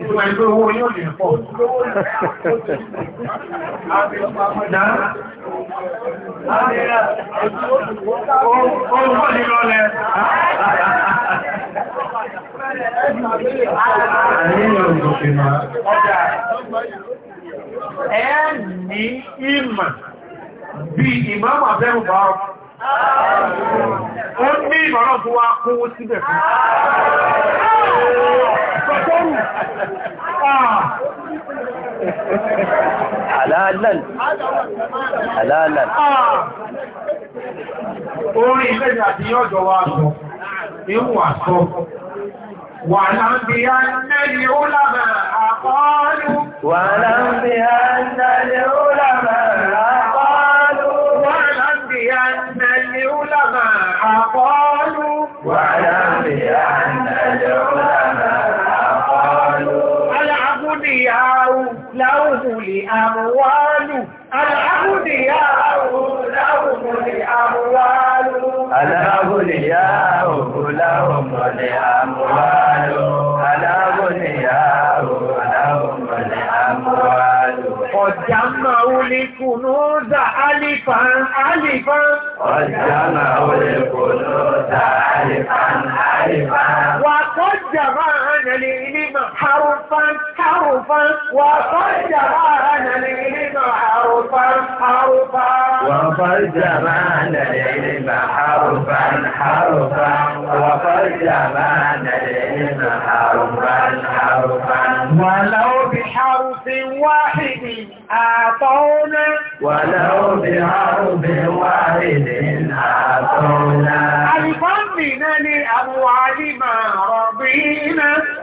Ìtumọ̀ ẹgbẹ́ owó yóò lè pọ̀. Náà, ìmọ̀ bí ìmọ̀ àbẹ́rù bá ọkọ̀. Ó ní ìmọ̀ràn tó wá kówó síbẹ̀ fún. Sọ́tọ́rù. Ah. Àlàálàn. Àlàálàn. Ah. Orin ilé àti yọ́jọ wa sọ, ìwù àsọ. Wà láńbí á ń ó lábẹ̀ àkọ́ọ́lù. Wà láńbí á ń ó والجمع القنوت ألفا ألفا وقد جمعنا الإلم حرفا حرفا وقد جمعنا الإلم حرفا حرفا حرفا وقد العلم حرفا حرفا وقد العلم حرفا حرفا ولو بحرف واحد أعطونا ولو بحرف واحد أعطونا ألفا من الأموال ما رضينا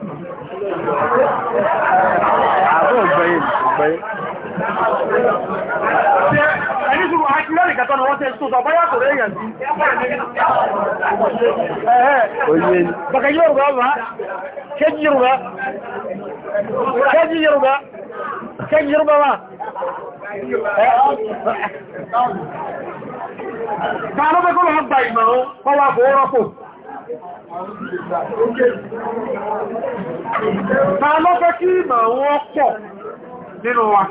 àbọ̀ ẹni sùn wọ́n ti lẹ́rìn ni wọ́n ṣe tó sọ tó rẹ̀ yàn sí. oye bàkà yorùbá wà kéjì yorùbá kéjì yorùbá kéjì yorùbá wà. ta ló fẹ́ ìmọ̀ ọ́ kọ́ wa Ta lọ fẹ́ kí ìmọ̀ wọn pọ̀ nínú wa?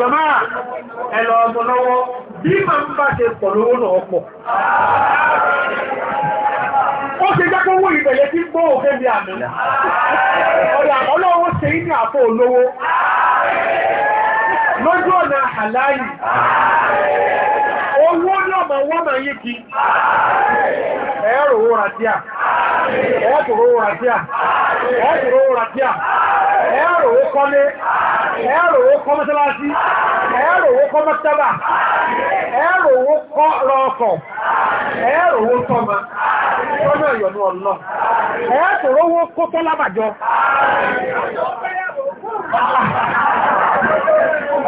Jọmá ẹ̀lọ ọmọ lọ́wọ́, bí ma ń bá ṣe pọ̀ lówó náà pọ̀. Ó ṣe jẹ́ kó wú ìbẹ̀lẹ̀ tí gbó òfẹ́ bí àmì. Ọ̀yà ọlọ́wọ́ ṣe ní àpò olówó. Lójú ọ̀nà ọmọ wọ́n máa yí kí ẹ̀rọ owó ràtíà ẹ̀rọ owó kọ́lé ẹ̀rọ owó kọ́ mọ́sálásí ẹ̀rọ owó kọ́ owó kọ́ rọ́ọ̀kọ̀ ẹ̀rọ owó owó kó tọ́lábàjọ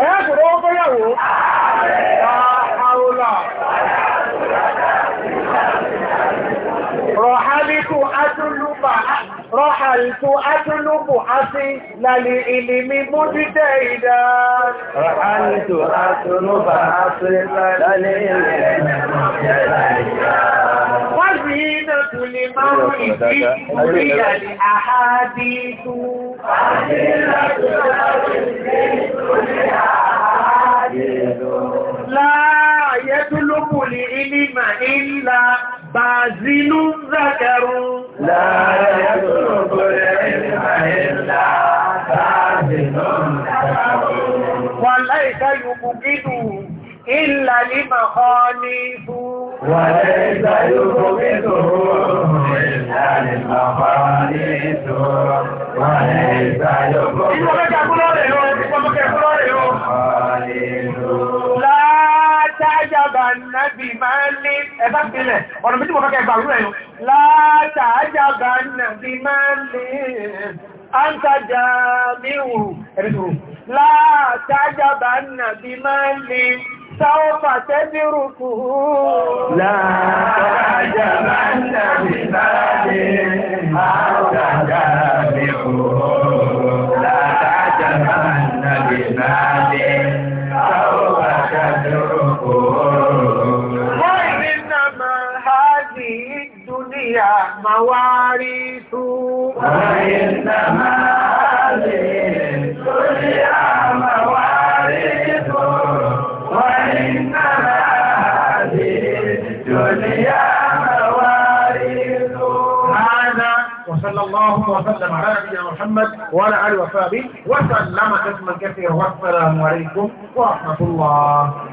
ẹ̀ẹ́kùrò جعلت أطلب أصلا لعلم مجتهدا جعلت أطلب أصلا لعلم مجتهدا وزينة لمولد هي الأحاديث وزينة لا يطلب العلم إلا bàzínú zákàrù láàrẹ tó gbọ́rẹ̀ ìrìnà ìlà bàzínú zákàrù wà láìka yòókù gínú ìlà límà kọ́ ní ìfú wà láìka yòókù gínú ìlà límà kọ́ ní ìfú wà láìka yòókù gínú ìlà ànábì máa lé ẹ̀bá sílẹ̀ ọ̀nà méjì mọ̀fẹ́ kẹgbà rú ẹ̀yọ látàájàbà ànábì máa lé àǹtàjà míhù ẹ̀rẹ́dùrù látàájàbà ànábì máa lé sáwọ́fà tẹ́bírùkù látàájàbà ànábì látàájàbà ànábì máa lé هي مواريث وإنما هي مواريث وإنما الدنيا مواريث هذا وصلى الله وسلم على نبينا محمد وعلى اله وصحبه وسلم تسليما كثيرا والسلام عليكم ورحمه الله